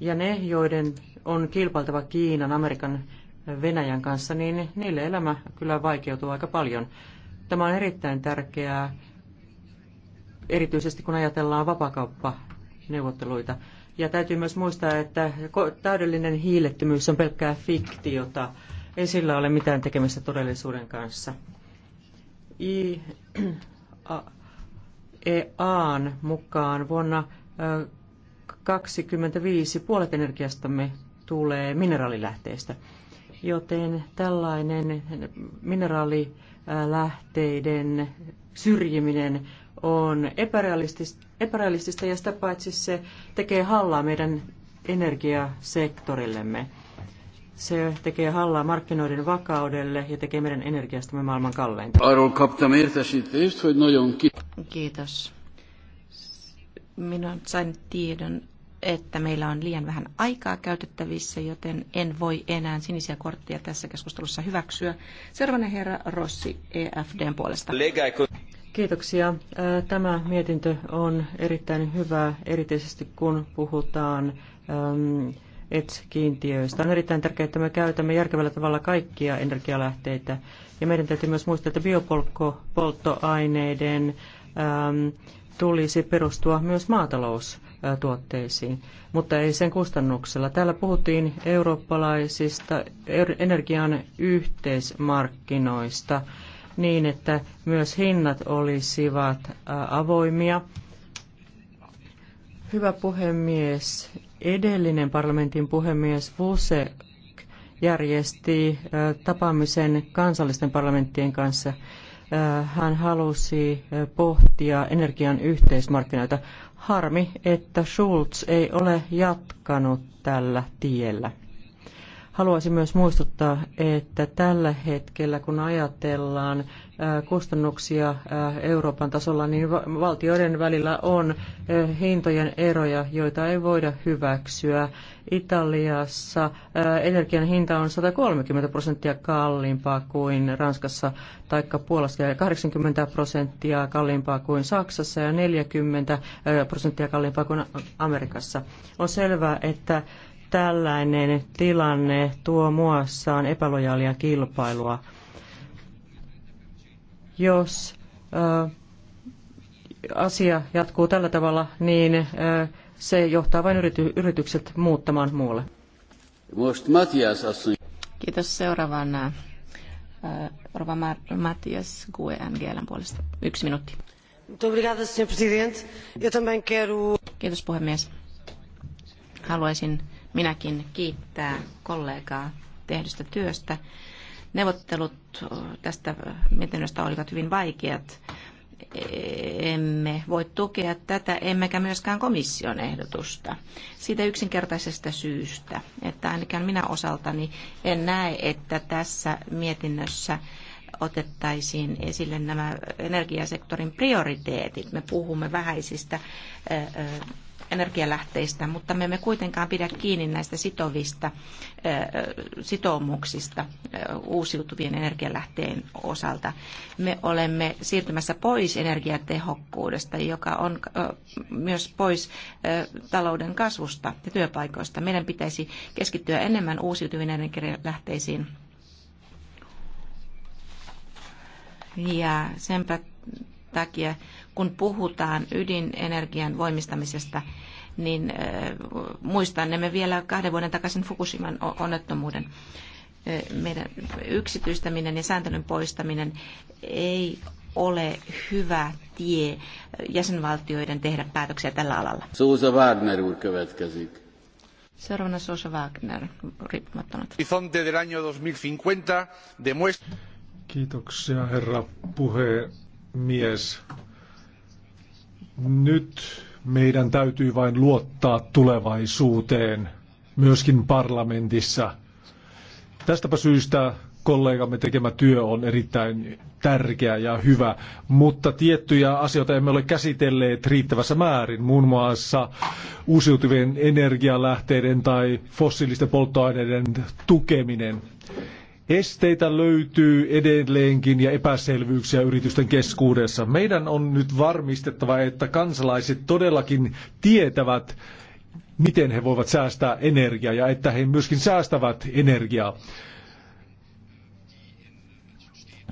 Ja ne, joiden on kilpailtava Kiinan, Amerikan, Venäjän kanssa, niin niille elämä kyllä vaikeutuu aika paljon. Tämä on erittäin tärkeää erityisesti kun ajatellaan vapakauppaneuvotteluita. Ja täytyy myös muistaa, että täydellinen hiilettömyys on pelkkää fiktiota. Ei sillä ole mitään tekemistä todellisuuden kanssa. I, EAN e mukaan vuonna 2025 puolet energiastamme tulee mineraalilähteistä, joten tällainen mineraalilähteiden syrjiminen on epärealistista, epärealistista ja sitä paitsi se tekee hallaa meidän energiasektorillemme. Se tekee hallaa markkinoiden vakaudelle ja tekee meidän energiastamme maailman kalleinta. Kiitos. Minä sain tiedon, että meillä on liian vähän aikaa käytettävissä, joten en voi enää sinisiä kortteja tässä keskustelussa hyväksyä. Seuraavana herra Rossi EFDn puolesta. Kiitoksia. Tämä mietintö on erittäin hyvä, erityisesti kun puhutaan ETS-kiintiöistä. On erittäin tärkeää, että me käytämme järkevällä tavalla kaikkia energialähteitä. Ja meidän täytyy myös muistaa, että biopolttoaineiden tulisi perustua myös maataloustuotteisiin, mutta ei sen kustannuksella. Täällä puhuttiin eurooppalaisista er-, energian yhteismarkkinoista – niin, että myös hinnat olisivat avoimia. Hyvä puhemies, edellinen parlamentin puhemies Vuse järjesti tapaamisen kansallisten parlamenttien kanssa. Hän halusi pohtia energian yhteismarkkinoita. Harmi, että Schulz ei ole jatkanut tällä tiellä. Haluaisin myös muistuttaa, että tällä hetkellä, kun ajatellaan kustannuksia Euroopan tasolla, niin valtioiden välillä on hintojen eroja, joita ei voida hyväksyä. Italiassa energian hinta on 130 prosenttia kalliimpaa kuin Ranskassa tai Puolassa ja 80 prosenttia kalliimpaa kuin Saksassa ja 40 prosenttia kalliimpaa kuin Amerikassa. On selvää, että tällainen tilanne tuo muassaan epälojaalia kilpailua. Jos äh, asia jatkuu tällä tavalla, niin äh, se johtaa vain yrity, yritykset muuttamaan muulle. Kiitos seuraavana. Orva Matias GUE-NGLn puolesta. Yksi minuutti. Kiitos puhemies. Haluaisin minäkin kiittää kollegaa tehdystä työstä. Neuvottelut tästä mietinnöstä olivat hyvin vaikeat. Emme voi tukea tätä, emmekä myöskään komission ehdotusta. Siitä yksinkertaisesta syystä, että ainakaan minä osaltani en näe, että tässä mietinnössä otettaisiin esille nämä energiasektorin prioriteetit. Me puhumme vähäisistä energialähteistä, mutta me emme kuitenkaan pidä kiinni näistä sitovista sitoumuksista uusiutuvien energialähteen osalta. Me olemme siirtymässä pois energiatehokkuudesta, joka on myös pois talouden kasvusta ja työpaikoista. Meidän pitäisi keskittyä enemmän uusiutuviin energialähteisiin ja senpä takia kun puhutaan ydinenergian voimistamisesta, niin äh, muistan me vielä kahden vuoden takaisin Fukushiman onnettomuuden. Äh, meidän yksityistäminen ja sääntelyn poistaminen ei ole hyvä tie jäsenvaltioiden tehdä päätöksiä tällä alalla. Suusa Wagner Seuraavana Suusa Wagner, riippumattomat. Horizonte del año 2050 demuestra... Kiitoksia herra puhemies. Nyt meidän täytyy vain luottaa tulevaisuuteen, myöskin parlamentissa. Tästäpä syystä kollegamme tekemä työ on erittäin tärkeä ja hyvä, mutta tiettyjä asioita emme ole käsitelleet riittävässä määrin, muun muassa uusiutuvien energialähteiden tai fossiilisten polttoaineiden tukeminen. Esteitä löytyy edelleenkin ja epäselvyyksiä yritysten keskuudessa. Meidän on nyt varmistettava, että kansalaiset todellakin tietävät, miten he voivat säästää energiaa ja että he myöskin säästävät energiaa.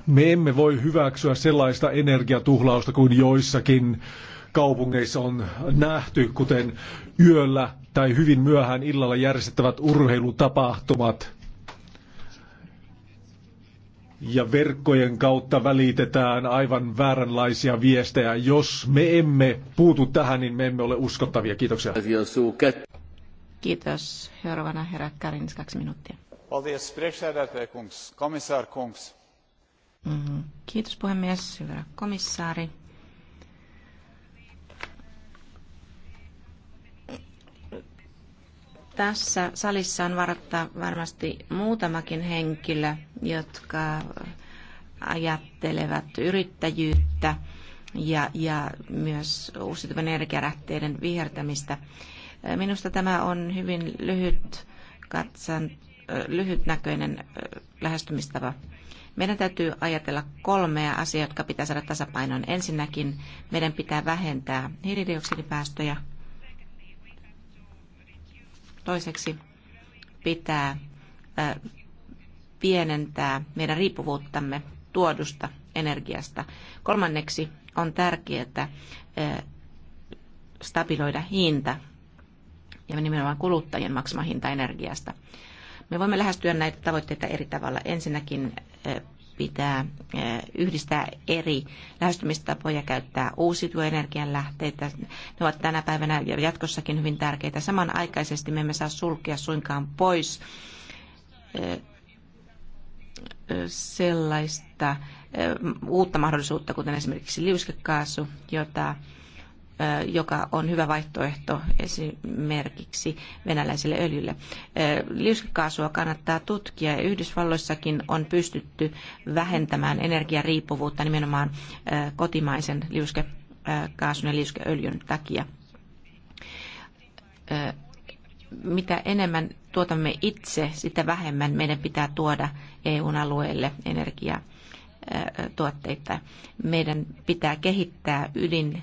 Me emme voi hyväksyä sellaista energiatuhlausta kuin joissakin kaupungeissa on nähty, kuten yöllä tai hyvin myöhään illalla järjestettävät urheilutapahtumat – ja verkkojen kautta välitetään aivan vääränlaisia viestejä. Jos me emme puutu tähän, niin me emme ole uskottavia. Kiitoksia. Kiitos. Seuraavana herra Karins, kaksi minuuttia. Mm-hmm. Kiitos puhemies, hyvä komissaari. Tässä salissa on varattaa varmasti muutamakin henkilö, jotka ajattelevat yrittäjyyttä ja, ja myös uusiutuvan energiarähteiden vihertämistä. Minusta tämä on hyvin lyhyt katsan, lyhytnäköinen lähestymistapa. Meidän täytyy ajatella kolmea asiaa, jotka pitää saada tasapainoon. Ensinnäkin meidän pitää vähentää hiilidioksidipäästöjä Toiseksi pitää pienentää meidän riippuvuuttamme tuodusta energiasta. Kolmanneksi on tärkeää stabiloida hinta ja nimenomaan kuluttajien maksama hinta energiasta. Me voimme lähestyä näitä tavoitteita eri tavalla. Ensinnäkin pitää eh, yhdistää eri lähestymistapoja, käyttää uusiutuvia energianlähteitä. Ne ovat tänä päivänä ja jatkossakin hyvin tärkeitä. Samanaikaisesti me emme saa sulkea suinkaan pois eh, eh, sellaista uutta mahdollisuutta, kuten esimerkiksi liuskekaasu, jota joka on hyvä vaihtoehto esimerkiksi venäläiselle öljylle. Liuskekaasua kannattaa tutkia ja Yhdysvalloissakin on pystytty vähentämään energiariippuvuutta nimenomaan kotimaisen liuskekaasun ja liuskeöljyn takia. Mitä enemmän tuotamme itse, sitä vähemmän meidän pitää tuoda eu alueelle energiatuotteita. tuotteita. Meidän pitää kehittää ydin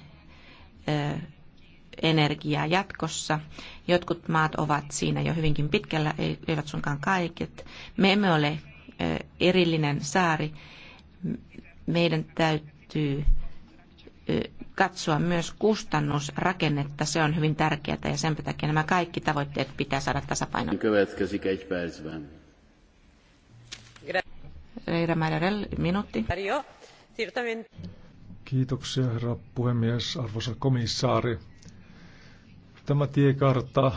energiaa jatkossa. Jotkut maat ovat siinä jo hyvinkin pitkällä, eivät suinkaan kaiket. Me emme ole erillinen saari. Meidän täytyy katsoa myös kustannusrakennetta. Se on hyvin tärkeää ja sen takia nämä kaikki tavoitteet pitää saada tasapainoon. Reira Marjarell, minuutti. Kiitoksia, herra puhemies, arvoisa komissaari. Tämä tiekartta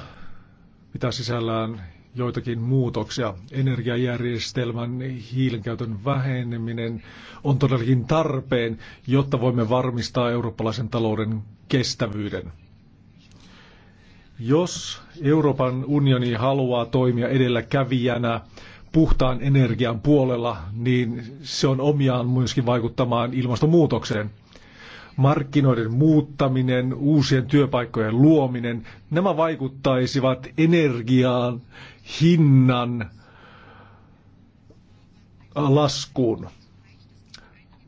pitää sisällään joitakin muutoksia. Energiajärjestelmän hiilenkäytön väheneminen on todellakin tarpeen, jotta voimme varmistaa eurooppalaisen talouden kestävyyden. Jos Euroopan unioni haluaa toimia edelläkävijänä, puhtaan energian puolella, niin se on omiaan myöskin vaikuttamaan ilmastonmuutokseen. Markkinoiden muuttaminen, uusien työpaikkojen luominen, nämä vaikuttaisivat energiaan, hinnan laskuun.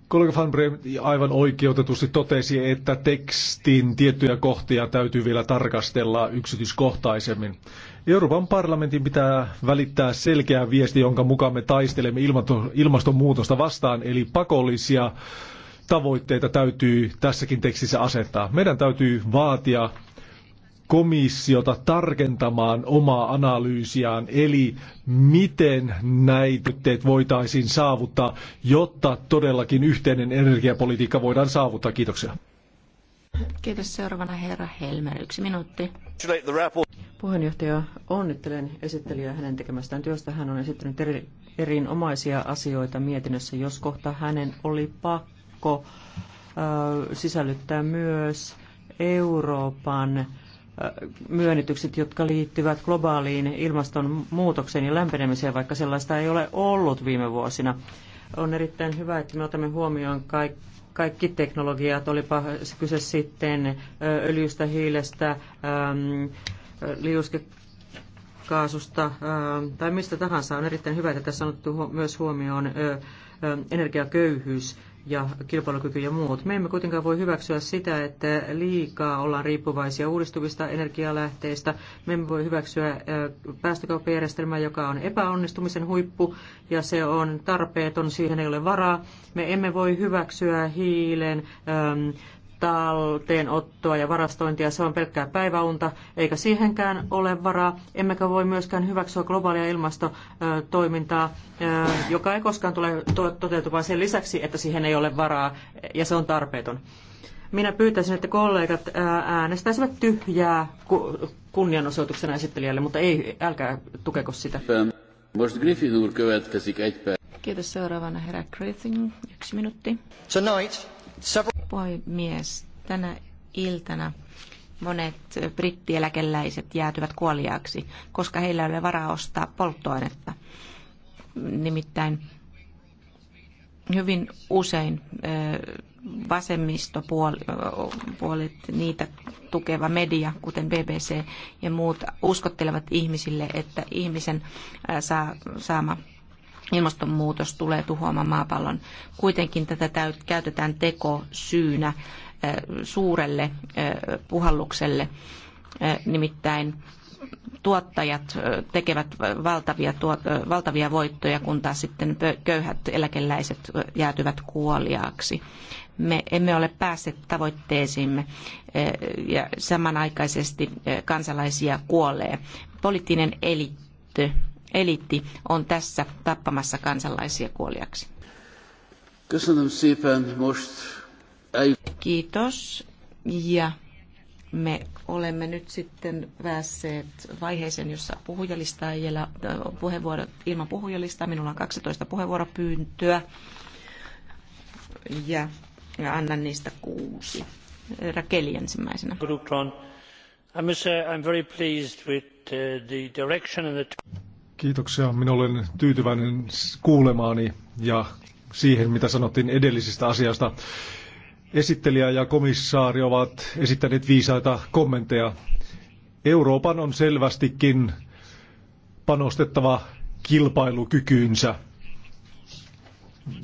Kollega Van Breem, aivan oikeutetusti totesi, että tekstin tiettyjä kohtia täytyy vielä tarkastella yksityiskohtaisemmin. Euroopan parlamentin pitää välittää selkeä viesti, jonka mukaan me taistelemme ilmastonmuutosta vastaan, eli pakollisia tavoitteita täytyy tässäkin tekstissä asettaa. Meidän täytyy vaatia komissiota tarkentamaan omaa analyysiään, eli miten näitä voitaisiin saavuttaa, jotta todellakin yhteinen energiapolitiikka voidaan saavuttaa. Kiitoksia. Kiitos seuraavana herra Helmer. Yksi minuutti. Puheenjohtaja, onnittelen esittelijää hänen tekemästään työstä. Hän on esittänyt eri, erinomaisia asioita mietinnössä, jos kohta hänen oli pakko ö, sisällyttää myös Euroopan myönnytykset, jotka liittyvät globaaliin ilmastonmuutokseen ja lämpenemiseen, vaikka sellaista ei ole ollut viime vuosina. On erittäin hyvä, että me otamme huomioon kaikki kaikki teknologiat, olipa kyse sitten öljystä, hiilestä, liuskekaasusta ähm, tai mistä tahansa. On erittäin hyvä, että tässä on otettu myös huomioon energiaköyhyys ja kilpailukyky ja muut. Me emme kuitenkaan voi hyväksyä sitä, että liikaa ollaan riippuvaisia uudistuvista energialähteistä. Me emme voi hyväksyä päästökauppajärjestelmää, joka on epäonnistumisen huippu ja se on tarpeeton, siihen ei ole varaa. Me emme voi hyväksyä hiilen ähm, talteenottoa ja varastointia. Se on pelkkää päiväunta, eikä siihenkään ole varaa. Emmekä voi myöskään hyväksyä globaalia ilmastotoimintaa, joka ei koskaan tule toteutumaan sen lisäksi, että siihen ei ole varaa ja se on tarpeeton. Minä pyytäisin, että kollegat äänestäisivät tyhjää kunnianosoituksena esittelijälle, mutta ei, älkää tukeko sitä. Griffin Kiitos seuraavana herra Griffin. Yksi minuutti. Tonight, several puhemies. Tänä iltana monet brittieläkeläiset jäätyvät kuoliaaksi, koska heillä ei ole varaa ostaa polttoainetta. Nimittäin hyvin usein vasemmistopuolet, niitä tukeva media, kuten BBC ja muut, uskottelevat ihmisille, että ihmisen saama ilmastonmuutos tulee tuhoamaan maapallon. Kuitenkin tätä käytetään tekosyynä suurelle puhallukselle, nimittäin tuottajat tekevät valtavia, tuot, valtavia voittoja, kun taas sitten köyhät eläkeläiset jäätyvät kuoliaaksi. Me emme ole päässeet tavoitteisiimme ja samanaikaisesti kansalaisia kuolee. Poliittinen eliitti eliitti on tässä tappamassa kansalaisia kuoliaksi. Kiitos. Ja me olemme nyt sitten päässeet vaiheeseen, jossa puhujalista ei elä, äh, puheenvuorot ilman puhujalistaa. Minulla on 12 puheenvuoropyyntöä ja, ja annan niistä kuusi. Rakeli ensimmäisenä. Uh, I'm very pleased with uh, the direction and the Kiitoksia. Minä olen tyytyväinen kuulemaani ja siihen, mitä sanottiin edellisistä asiasta. Esittelijä ja komissaari ovat esittäneet viisaita kommentteja. Euroopan on selvästikin panostettava kilpailukykyynsä.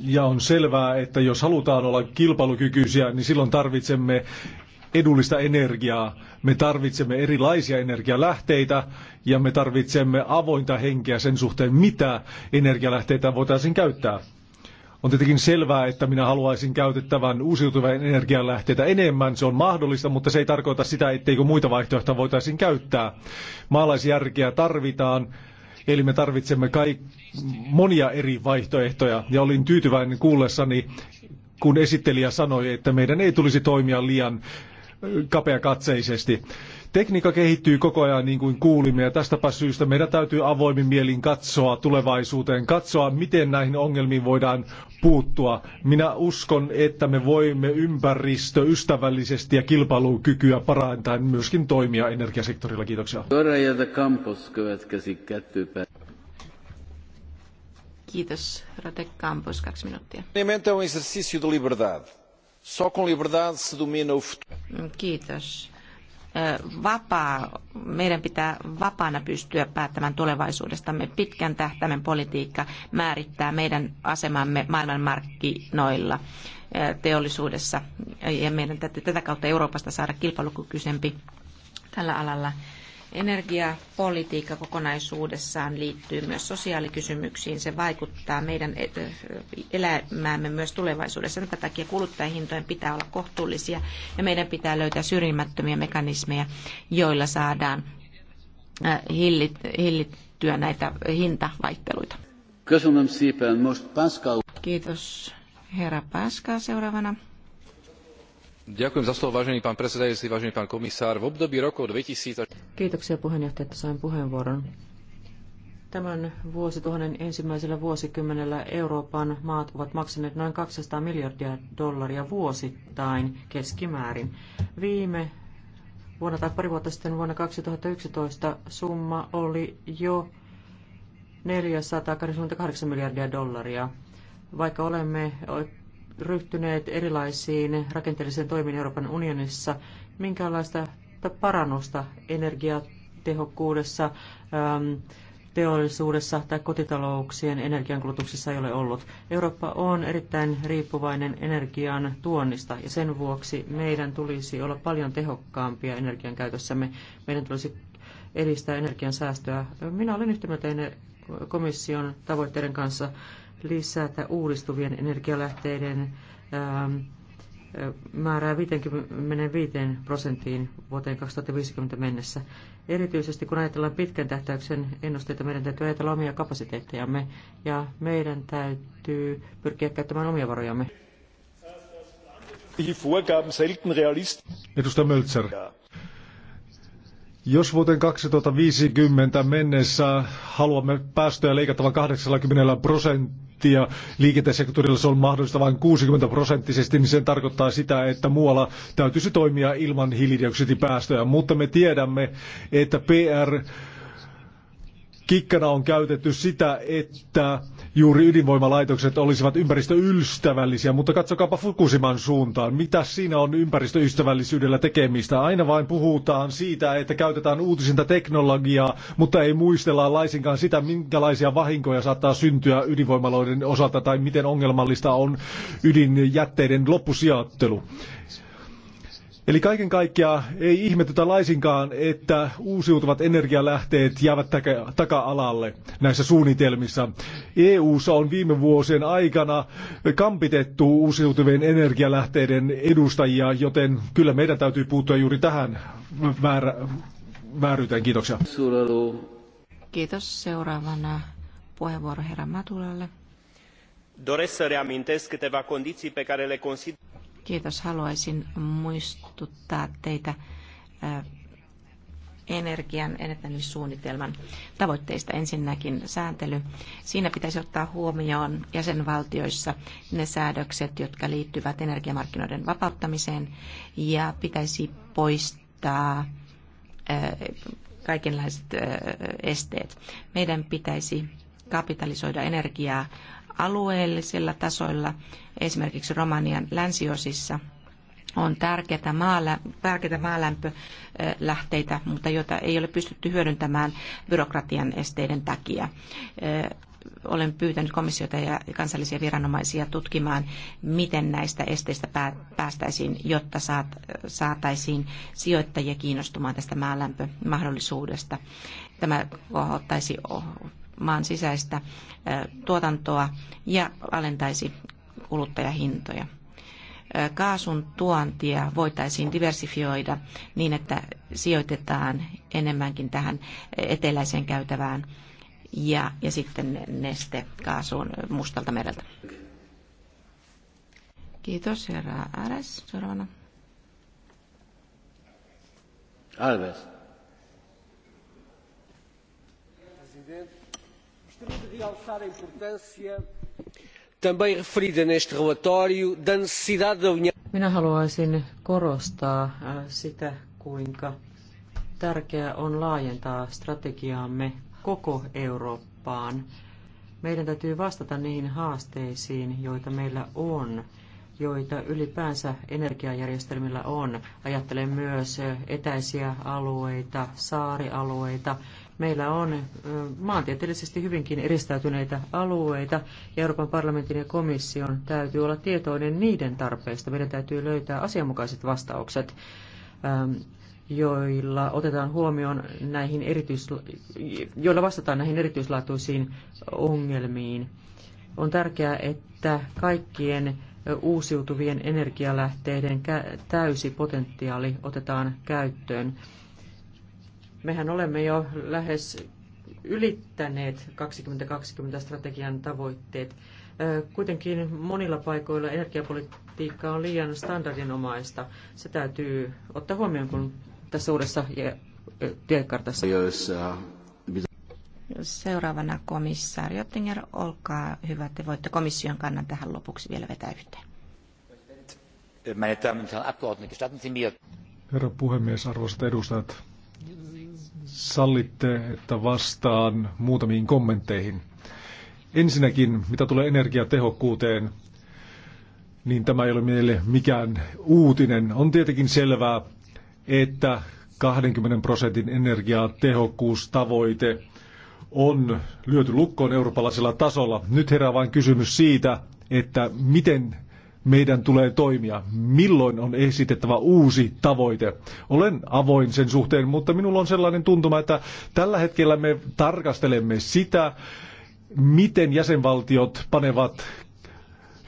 Ja on selvää, että jos halutaan olla kilpailukykyisiä, niin silloin tarvitsemme edullista energiaa. Me tarvitsemme erilaisia energialähteitä ja me tarvitsemme avointa henkeä sen suhteen, mitä energialähteitä voitaisiin käyttää. On tietenkin selvää, että minä haluaisin käytettävän uusiutuvia energialähteitä enemmän. Se on mahdollista, mutta se ei tarkoita sitä, etteikö muita vaihtoehtoja voitaisiin käyttää. Maalaisjärkeä tarvitaan, eli me tarvitsemme kaik- monia eri vaihtoehtoja. Ja olin tyytyväinen kuullessani, kun esittelijä sanoi, että meidän ei tulisi toimia liian kapeakatseisesti. Tekniikka kehittyy koko ajan niin kuin kuulimme ja tästäpä syystä meidän täytyy avoimin mielin katsoa tulevaisuuteen, katsoa miten näihin ongelmiin voidaan puuttua. Minä uskon, että me voimme ystävällisesti ja kilpailukykyä parantaa myöskin toimia energiasektorilla. Kiitoksia. Kiitos, Radek Campos, kaksi minuuttia. Só com liberdade se domina o futuro. Kiitos. Vapaa, meidän pitää vapaana pystyä päättämään tulevaisuudestamme. Pitkän tähtäimen politiikka määrittää meidän asemamme maailmanmarkkinoilla teollisuudessa ja meidän tätä kautta Euroopasta saada kilpailukykyisempi tällä alalla. Energiapolitiikka kokonaisuudessaan liittyy myös sosiaalikysymyksiin. Se vaikuttaa meidän eh, eh, elämäämme myös tulevaisuudessa. Tämän takia kuluttajahintojen pitää olla kohtuullisia ja meidän pitää löytää syrjimättömiä mekanismeja, joilla saadaan eh, hillittyä näitä hintavaihteluita. Kiitos herra Pascal seuraavana. Kiitoksia puheenjohtaja, että sain puheenvuoron. Tämän vuosituhannen ensimmäisellä vuosikymmenellä Euroopan maat ovat maksaneet noin 200 miljardia dollaria vuosittain keskimäärin. Viime vuonna tai pari vuotta sitten vuonna 2011 summa oli jo 488 miljardia dollaria. Vaikka olemme ryhtyneet erilaisiin rakenteellisiin toimiin Euroopan unionissa. Minkälaista parannusta energiatehokkuudessa, ähm, teollisuudessa tai kotitalouksien energiankulutuksessa ei ole ollut. Eurooppa on erittäin riippuvainen energian tuonnista ja sen vuoksi meidän tulisi olla paljon tehokkaampia energian käytössämme. Meidän tulisi edistää energian säästöä. Minä olen yhtä mieltä komission tavoitteiden kanssa lisätä uudistuvien energialähteiden ähm, äh, määrää 55 prosenttiin vuoteen 2050 mennessä. Erityisesti kun ajatellaan pitkän tähtäyksen ennusteita, meidän täytyy ajatella omia kapasiteettejamme ja meidän täytyy pyrkiä käyttämään omia varojamme. Edustaja Möltser. Jos vuoteen 2050 mennessä haluamme päästöjä leikattava 80 prosenttia, liikenteessektorilla se on mahdollista vain 60 prosenttisesti, niin se tarkoittaa sitä, että muualla täytyisi toimia ilman hiilidioksidipäästöjä. Mutta me tiedämme, että PR kikkana on käytetty sitä, että juuri ydinvoimalaitokset olisivat ympäristöystävällisiä, mutta katsokaapa Fukushiman suuntaan. Mitä siinä on ympäristöystävällisyydellä tekemistä? Aina vain puhutaan siitä, että käytetään uutisinta teknologiaa, mutta ei muistella laisinkaan sitä, minkälaisia vahinkoja saattaa syntyä ydinvoimaloiden osalta tai miten ongelmallista on ydinjätteiden loppusijoittelu. Eli kaiken kaikkiaan ei ihmetytä laisinkaan, että uusiutuvat energialähteet jäävät taka-alalle näissä suunnitelmissa. EU:ssa on viime vuosien aikana kampitettu uusiutuvien energialähteiden edustajia, joten kyllä meidän täytyy puuttua juuri tähän väärä, vääryyteen. Kiitoksia. Kiitos. Seuraavana puheenvuoro herra Matulalle. Doresc să reamintesc câteva condiții pe care le consider Kiitos. Haluaisin muistuttaa teitä energian enenemissuunnitelman tavoitteista. Ensinnäkin sääntely. Siinä pitäisi ottaa huomioon jäsenvaltioissa ne säädökset, jotka liittyvät energiamarkkinoiden vapauttamiseen ja pitäisi poistaa kaikenlaiset esteet. Meidän pitäisi kapitalisoida energiaa Alueellisilla tasoilla, esimerkiksi Romanian länsiosissa, on tärkeitä, maala, tärkeitä maalämpölähteitä, mutta joita ei ole pystytty hyödyntämään byrokratian esteiden takia olen pyytänyt komissiota ja kansallisia viranomaisia tutkimaan, miten näistä esteistä päästäisiin, jotta saataisiin sijoittajia kiinnostumaan tästä maalämpömahdollisuudesta. Tämä kohottaisi maan sisäistä tuotantoa ja alentaisi kuluttajahintoja. Kaasun tuontia voitaisiin diversifioida niin, että sijoitetaan enemmänkin tähän eteläiseen käytävään ja, ja sitten nestekaasuun mustalta mereltä. Kiitos, herra Ares. Seuraavana. Alves. Presidente. E também referida neste relatório da necessidade da União. Minä haluaisin korostaa äh, sitä, kuinka tärkeää on laajentaa strategiaamme koko Eurooppaan. Meidän täytyy vastata niihin haasteisiin, joita meillä on, joita ylipäänsä energiajärjestelmillä on. Ajattelen myös etäisiä alueita, saarialueita, Meillä on maantieteellisesti hyvinkin eristäytyneitä alueita ja Euroopan parlamentin ja komission täytyy olla tietoinen niiden tarpeista. Meidän täytyy löytää asianmukaiset vastaukset ähm, joilla otetaan huomioon näihin erityis, joilla vastataan näihin erityislaatuisiin ongelmiin. On tärkeää, että kaikkien uusiutuvien energialähteiden täysi potentiaali otetaan käyttöön. Mehän olemme jo lähes ylittäneet 2020-strategian tavoitteet. Kuitenkin monilla paikoilla energiapolitiikka on liian standardinomaista. Se täytyy ottaa huomioon, kun tässä uudessa tiekartassa. Seuraavana komissaari Ottinger, olkaa hyvä, te voitte komission kannan tähän lopuksi vielä vetää yhteen. Herra puhemies, arvoisat edustajat, sallitte, että vastaan muutamiin kommentteihin. Ensinnäkin, mitä tulee energiatehokkuuteen, niin tämä ei ole meille mikään uutinen. On tietenkin selvää, että 20 prosentin energiatehokkuustavoite on lyöty lukkoon eurooppalaisella tasolla. Nyt herää vain kysymys siitä, että miten meidän tulee toimia. Milloin on esitettävä uusi tavoite? Olen avoin sen suhteen, mutta minulla on sellainen tuntuma, että tällä hetkellä me tarkastelemme sitä, miten jäsenvaltiot panevat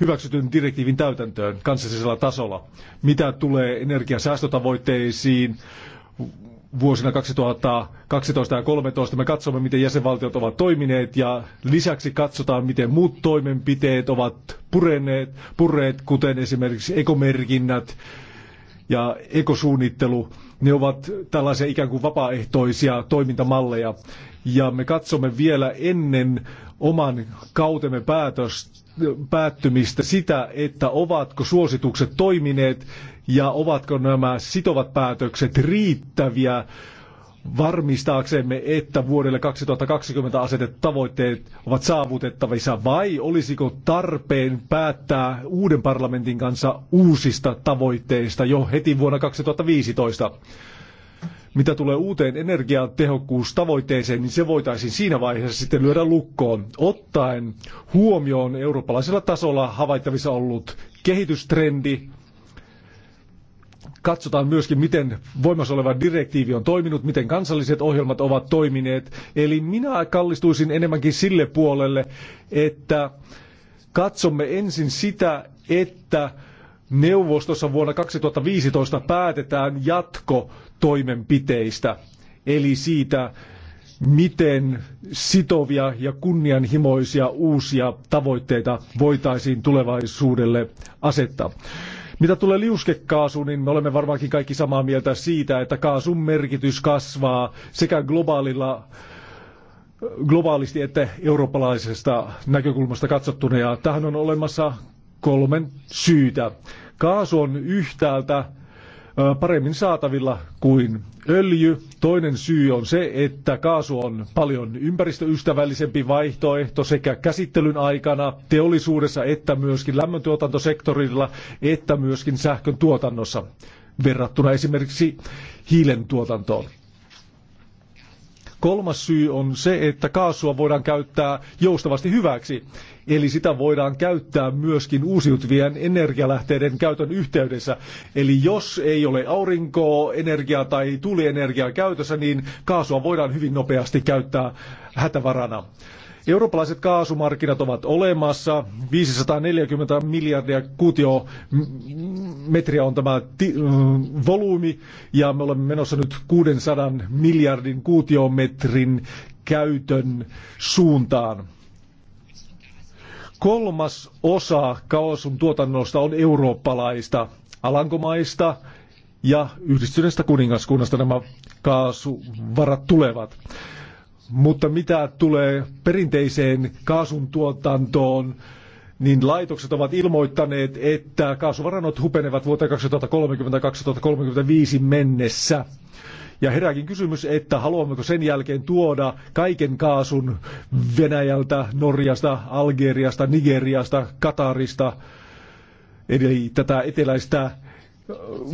hyväksytyn direktiivin täytäntöön kansallisella tasolla. Mitä tulee energiasäästötavoitteisiin, vuosina 2012 ja 2013 me katsomme, miten jäsenvaltiot ovat toimineet ja lisäksi katsotaan, miten muut toimenpiteet ovat pureneet, pureet, kuten esimerkiksi ekomerkinnät ja ekosuunnittelu. Ne ovat tällaisia ikään kuin vapaaehtoisia toimintamalleja. Ja me katsomme vielä ennen oman kautemme päätös, päättymistä sitä, että ovatko suositukset toimineet ja ovatko nämä sitovat päätökset riittäviä varmistaaksemme, että vuodelle 2020 asetetut tavoitteet ovat saavutettavissa, vai olisiko tarpeen päättää uuden parlamentin kanssa uusista tavoitteista jo heti vuonna 2015? Mitä tulee uuteen energiatehokkuustavoitteeseen, niin se voitaisiin siinä vaiheessa sitten lyödä lukkoon, ottaen huomioon eurooppalaisella tasolla havaittavissa ollut kehitystrendi, katsotaan myöskin, miten voimassa oleva direktiivi on toiminut, miten kansalliset ohjelmat ovat toimineet. Eli minä kallistuisin enemmänkin sille puolelle, että katsomme ensin sitä, että neuvostossa vuonna 2015 päätetään jatkotoimenpiteistä, eli siitä, miten sitovia ja kunnianhimoisia uusia tavoitteita voitaisiin tulevaisuudelle asettaa. Mitä tulee liuskekaasuun, niin me olemme varmaankin kaikki samaa mieltä siitä, että kaasun merkitys kasvaa sekä globaalilla globaalisti että eurooppalaisesta näkökulmasta katsottuna. Ja tähän on olemassa kolmen syytä. Kaasu on yhtäältä paremmin saatavilla kuin öljy Toinen syy on se, että kaasu on paljon ympäristöystävällisempi vaihtoehto sekä käsittelyn aikana teollisuudessa että myöskin lämmöntuotantosektorilla että myöskin sähkön tuotannossa verrattuna esimerkiksi hiilen tuotantoon. Kolmas syy on se, että kaasua voidaan käyttää joustavasti hyväksi. Eli sitä voidaan käyttää myöskin uusiutuvien energialähteiden käytön yhteydessä. Eli jos ei ole aurinkoenergiaa tai tuulienergiaa käytössä, niin kaasua voidaan hyvin nopeasti käyttää hätävarana. Eurooppalaiset kaasumarkkinat ovat olemassa. 540 miljardia kuutiometriä on tämä ti- volyymi ja me olemme menossa nyt 600 miljardin kuutiometrin käytön suuntaan. Kolmas osa kaasun tuotannosta on eurooppalaista, Alankomaista ja yhdistyneestä kuningaskunnasta nämä kaasuvarat tulevat. Mutta mitä tulee perinteiseen kaasun tuotantoon, niin laitokset ovat ilmoittaneet, että kaasuvarannot hupenevat vuoteen 2030-2035 mennessä. Ja herääkin kysymys, että haluammeko sen jälkeen tuoda kaiken kaasun Venäjältä, Norjasta, Algeriasta, Nigeriasta, Katarista, eli tätä eteläistä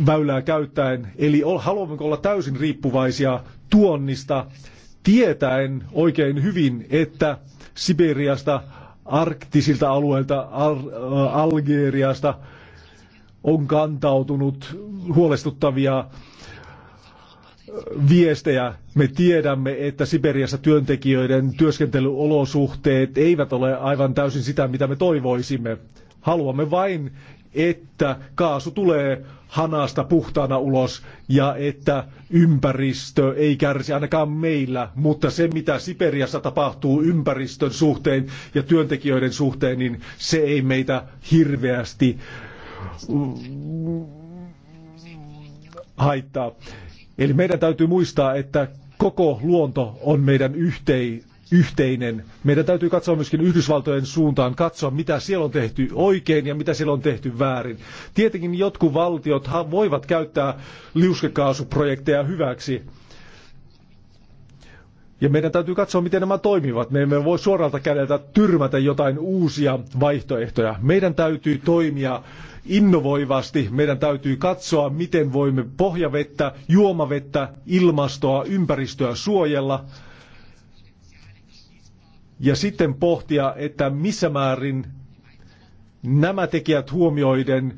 väylää käyttäen. Eli haluammeko olla täysin riippuvaisia tuonnista, tietäen oikein hyvin, että Siberiasta, arktisilta alueilta, Algeriasta on kantautunut huolestuttavia viestejä. Me tiedämme, että Siberiassa työntekijöiden työskentelyolosuhteet eivät ole aivan täysin sitä, mitä me toivoisimme. Haluamme vain, että kaasu tulee hanasta puhtaana ulos ja että ympäristö ei kärsi ainakaan meillä, mutta se mitä Siperiassa tapahtuu ympäristön suhteen ja työntekijöiden suhteen, niin se ei meitä hirveästi haittaa. Eli meidän täytyy muistaa, että koko luonto on meidän yhtei, yhteinen. Meidän täytyy katsoa myöskin Yhdysvaltojen suuntaan, katsoa mitä siellä on tehty oikein ja mitä siellä on tehty väärin. Tietenkin jotkut valtiot voivat käyttää liuskekaasuprojekteja hyväksi, ja meidän täytyy katsoa, miten nämä toimivat. Me emme voi suoralta kädeltä tyrmätä jotain uusia vaihtoehtoja. Meidän täytyy toimia innovoivasti. Meidän täytyy katsoa, miten voimme pohjavettä, juomavettä, ilmastoa, ympäristöä suojella. Ja sitten pohtia, että missä määrin nämä tekijät huomioiden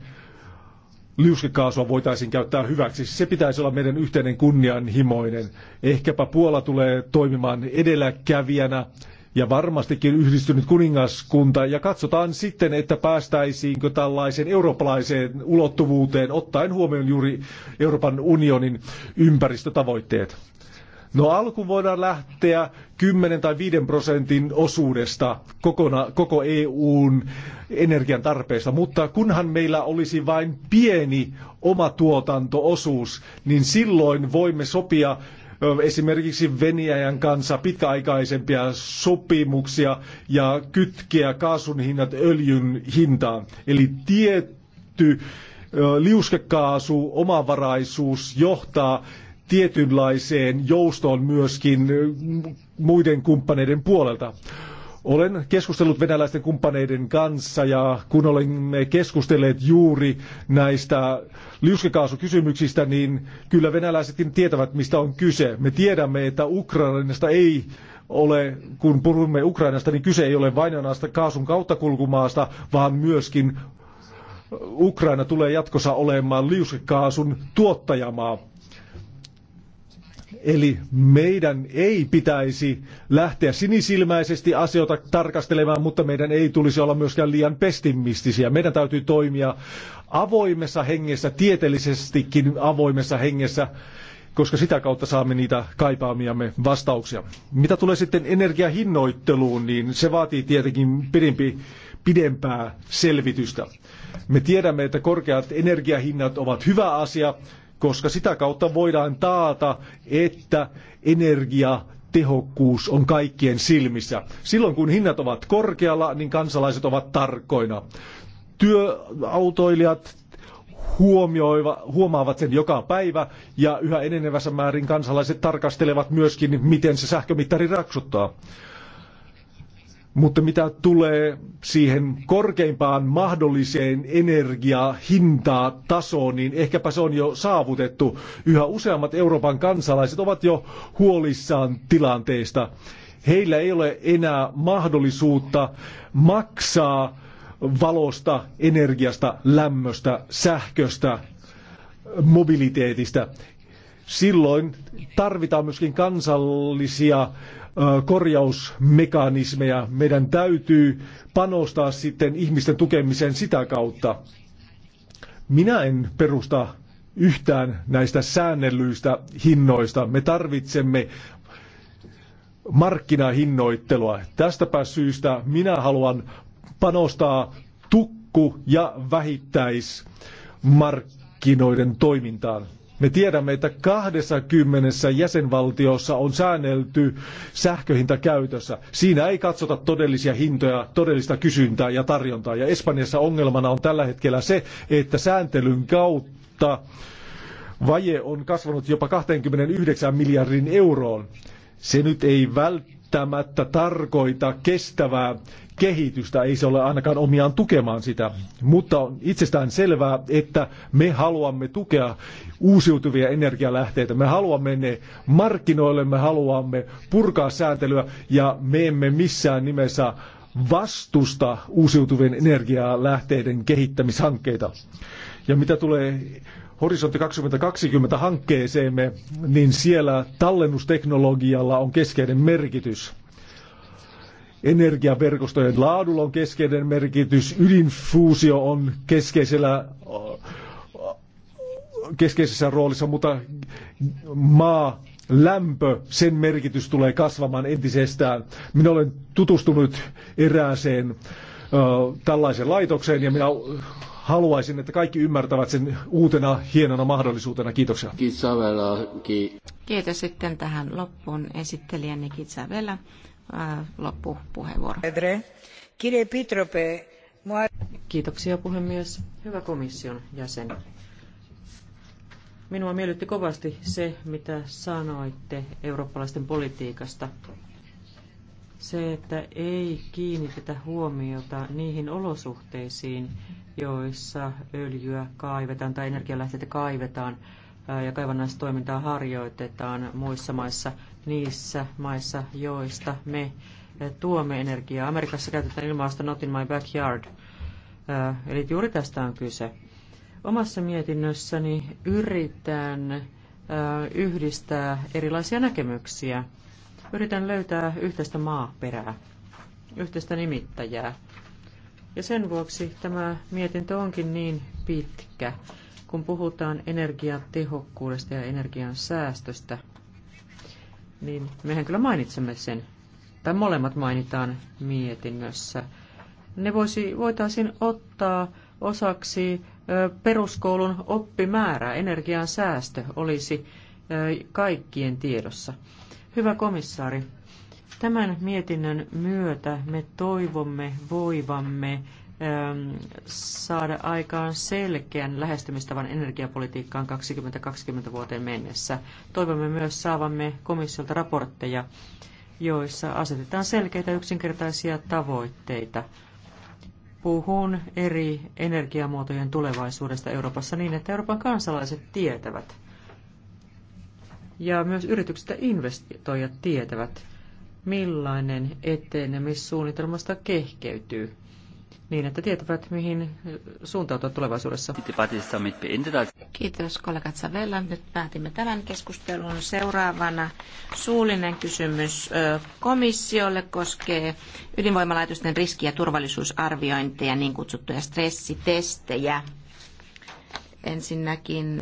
liuskekaasua voitaisiin käyttää hyväksi. Se pitäisi olla meidän yhteinen kunnianhimoinen. Ehkäpä Puola tulee toimimaan edelläkävijänä ja varmastikin yhdistynyt kuningaskunta. Ja katsotaan sitten, että päästäisiinkö tällaiseen eurooppalaiseen ulottuvuuteen, ottaen huomioon juuri Euroopan unionin ympäristötavoitteet. No alku voidaan lähteä 10 tai 5 prosentin osuudesta kokona, koko EUn energian tarpeesta, mutta kunhan meillä olisi vain pieni oma tuotantoosuus, niin silloin voimme sopia esimerkiksi Venäjän kanssa pitkäaikaisempia sopimuksia ja kytkeä kaasun hinnat öljyn hintaan. Eli tietty liuskekaasu, omavaraisuus johtaa tietynlaiseen joustoon myöskin muiden kumppaneiden puolelta. Olen keskustellut venäläisten kumppaneiden kanssa ja kun olemme keskustelleet juuri näistä liuskekaasukysymyksistä, niin kyllä venäläisetkin tietävät, mistä on kyse. Me tiedämme, että Ukrainasta ei ole, kun puhumme Ukrainasta, niin kyse ei ole vain ainoastaan kaasun kulkumaasta, vaan myöskin Ukraina tulee jatkossa olemaan liuskekaasun tuottajamaa. Eli meidän ei pitäisi lähteä sinisilmäisesti asioita tarkastelemaan, mutta meidän ei tulisi olla myöskään liian pessimistisiä. Meidän täytyy toimia avoimessa hengessä, tieteellisestikin avoimessa hengessä, koska sitä kautta saamme niitä kaipaamiamme vastauksia. Mitä tulee sitten energiahinnoitteluun, niin se vaatii tietenkin pidempi, pidempää selvitystä. Me tiedämme, että korkeat energiahinnat ovat hyvä asia, koska sitä kautta voidaan taata, että energia tehokkuus on kaikkien silmissä. Silloin kun hinnat ovat korkealla, niin kansalaiset ovat tarkkoina. Työautoilijat huomioiva, huomaavat sen joka päivä ja yhä enenevässä määrin kansalaiset tarkastelevat myöskin, miten se sähkömittari raksuttaa. Mutta mitä tulee siihen korkeimpaan mahdolliseen energiahintaa tasoon, niin ehkäpä se on jo saavutettu. Yhä useammat Euroopan kansalaiset ovat jo huolissaan tilanteesta. Heillä ei ole enää mahdollisuutta maksaa valosta, energiasta, lämmöstä, sähköstä, mobiliteetistä. Silloin tarvitaan myöskin kansallisia korjausmekanismeja. Meidän täytyy panostaa sitten ihmisten tukemiseen sitä kautta. Minä en perusta yhtään näistä säännellyistä hinnoista. Me tarvitsemme markkinahinnoittelua. Tästäpä syystä minä haluan panostaa tukku- ja vähittäismarkkinoiden toimintaan. Me tiedämme, että 20 jäsenvaltiossa on säännelty sähköhinta käytössä. Siinä ei katsota todellisia hintoja, todellista kysyntää ja tarjontaa. Ja Espanjassa ongelmana on tällä hetkellä se, että sääntelyn kautta vaje on kasvanut jopa 29 miljardin euroon. Se nyt ei välttämättä tarkoita kestävää kehitystä, ei se ole ainakaan omiaan tukemaan sitä. Mutta on itsestään selvää, että me haluamme tukea uusiutuvia energialähteitä. Me haluamme ne markkinoille, me haluamme purkaa sääntelyä ja me emme missään nimessä vastusta uusiutuvien energialähteiden kehittämishankkeita. Ja mitä tulee Horisontti 2020 hankkeeseemme, niin siellä tallennusteknologialla on keskeinen merkitys. Energiaverkostojen laadulla on keskeinen merkitys, ydinfuusio on keskeisellä keskeisessä roolissa, mutta maa lämpö, sen merkitys tulee kasvamaan entisestään. Minä olen tutustunut erääseen ö, tällaiseen laitokseen ja minä haluaisin, että kaikki ymmärtävät sen uutena hienona mahdollisuutena. Kiitoksia. Kiitos sitten tähän loppuun esittelijänne Kitsavella loppupuheenvuoro. Kiitoksia puhemies. Hyvä komission jäsen. Minua miellytti kovasti se, mitä sanoitte eurooppalaisten politiikasta. Se, että ei kiinnitetä huomiota niihin olosuhteisiin, joissa öljyä kaivetaan tai energialähteitä kaivetaan ja kaivannaistoimintaa harjoitetaan muissa maissa niissä maissa, joista me eh, tuomme energiaa. Amerikassa käytetään ilmausta Not in my backyard. Eh, eli juuri tästä on kyse. Omassa mietinnössäni yritän eh, yhdistää erilaisia näkemyksiä. Yritän löytää yhteistä maaperää, yhteistä nimittäjää. Ja sen vuoksi tämä mietintö onkin niin pitkä, kun puhutaan energiatehokkuudesta ja energian säästöstä – niin mehän kyllä mainitsemme sen, tai molemmat mainitaan mietinnössä. Ne voisi, voitaisiin ottaa osaksi peruskoulun oppimäärää, energian säästö olisi kaikkien tiedossa. Hyvä komissaari, tämän mietinnön myötä me toivomme voivamme saada aikaan selkeän lähestymistavan energiapolitiikkaan 2020 vuoteen mennessä. Toivomme myös saavamme komissiolta raportteja, joissa asetetaan selkeitä yksinkertaisia tavoitteita. Puhun eri energiamuotojen tulevaisuudesta Euroopassa niin, että Euroopan kansalaiset tietävät ja myös yritykset ja investoijat tietävät, millainen etenemissuunnitelmasta kehkeytyy niin, että tietävät, mihin suuntautua tulevaisuudessa. Kiitos kollega Savella. Nyt päätimme tämän keskustelun. Seuraavana suullinen kysymys komissiolle koskee ydinvoimalaitosten riski- ja turvallisuusarviointeja, niin kutsuttuja stressitestejä. Ensinnäkin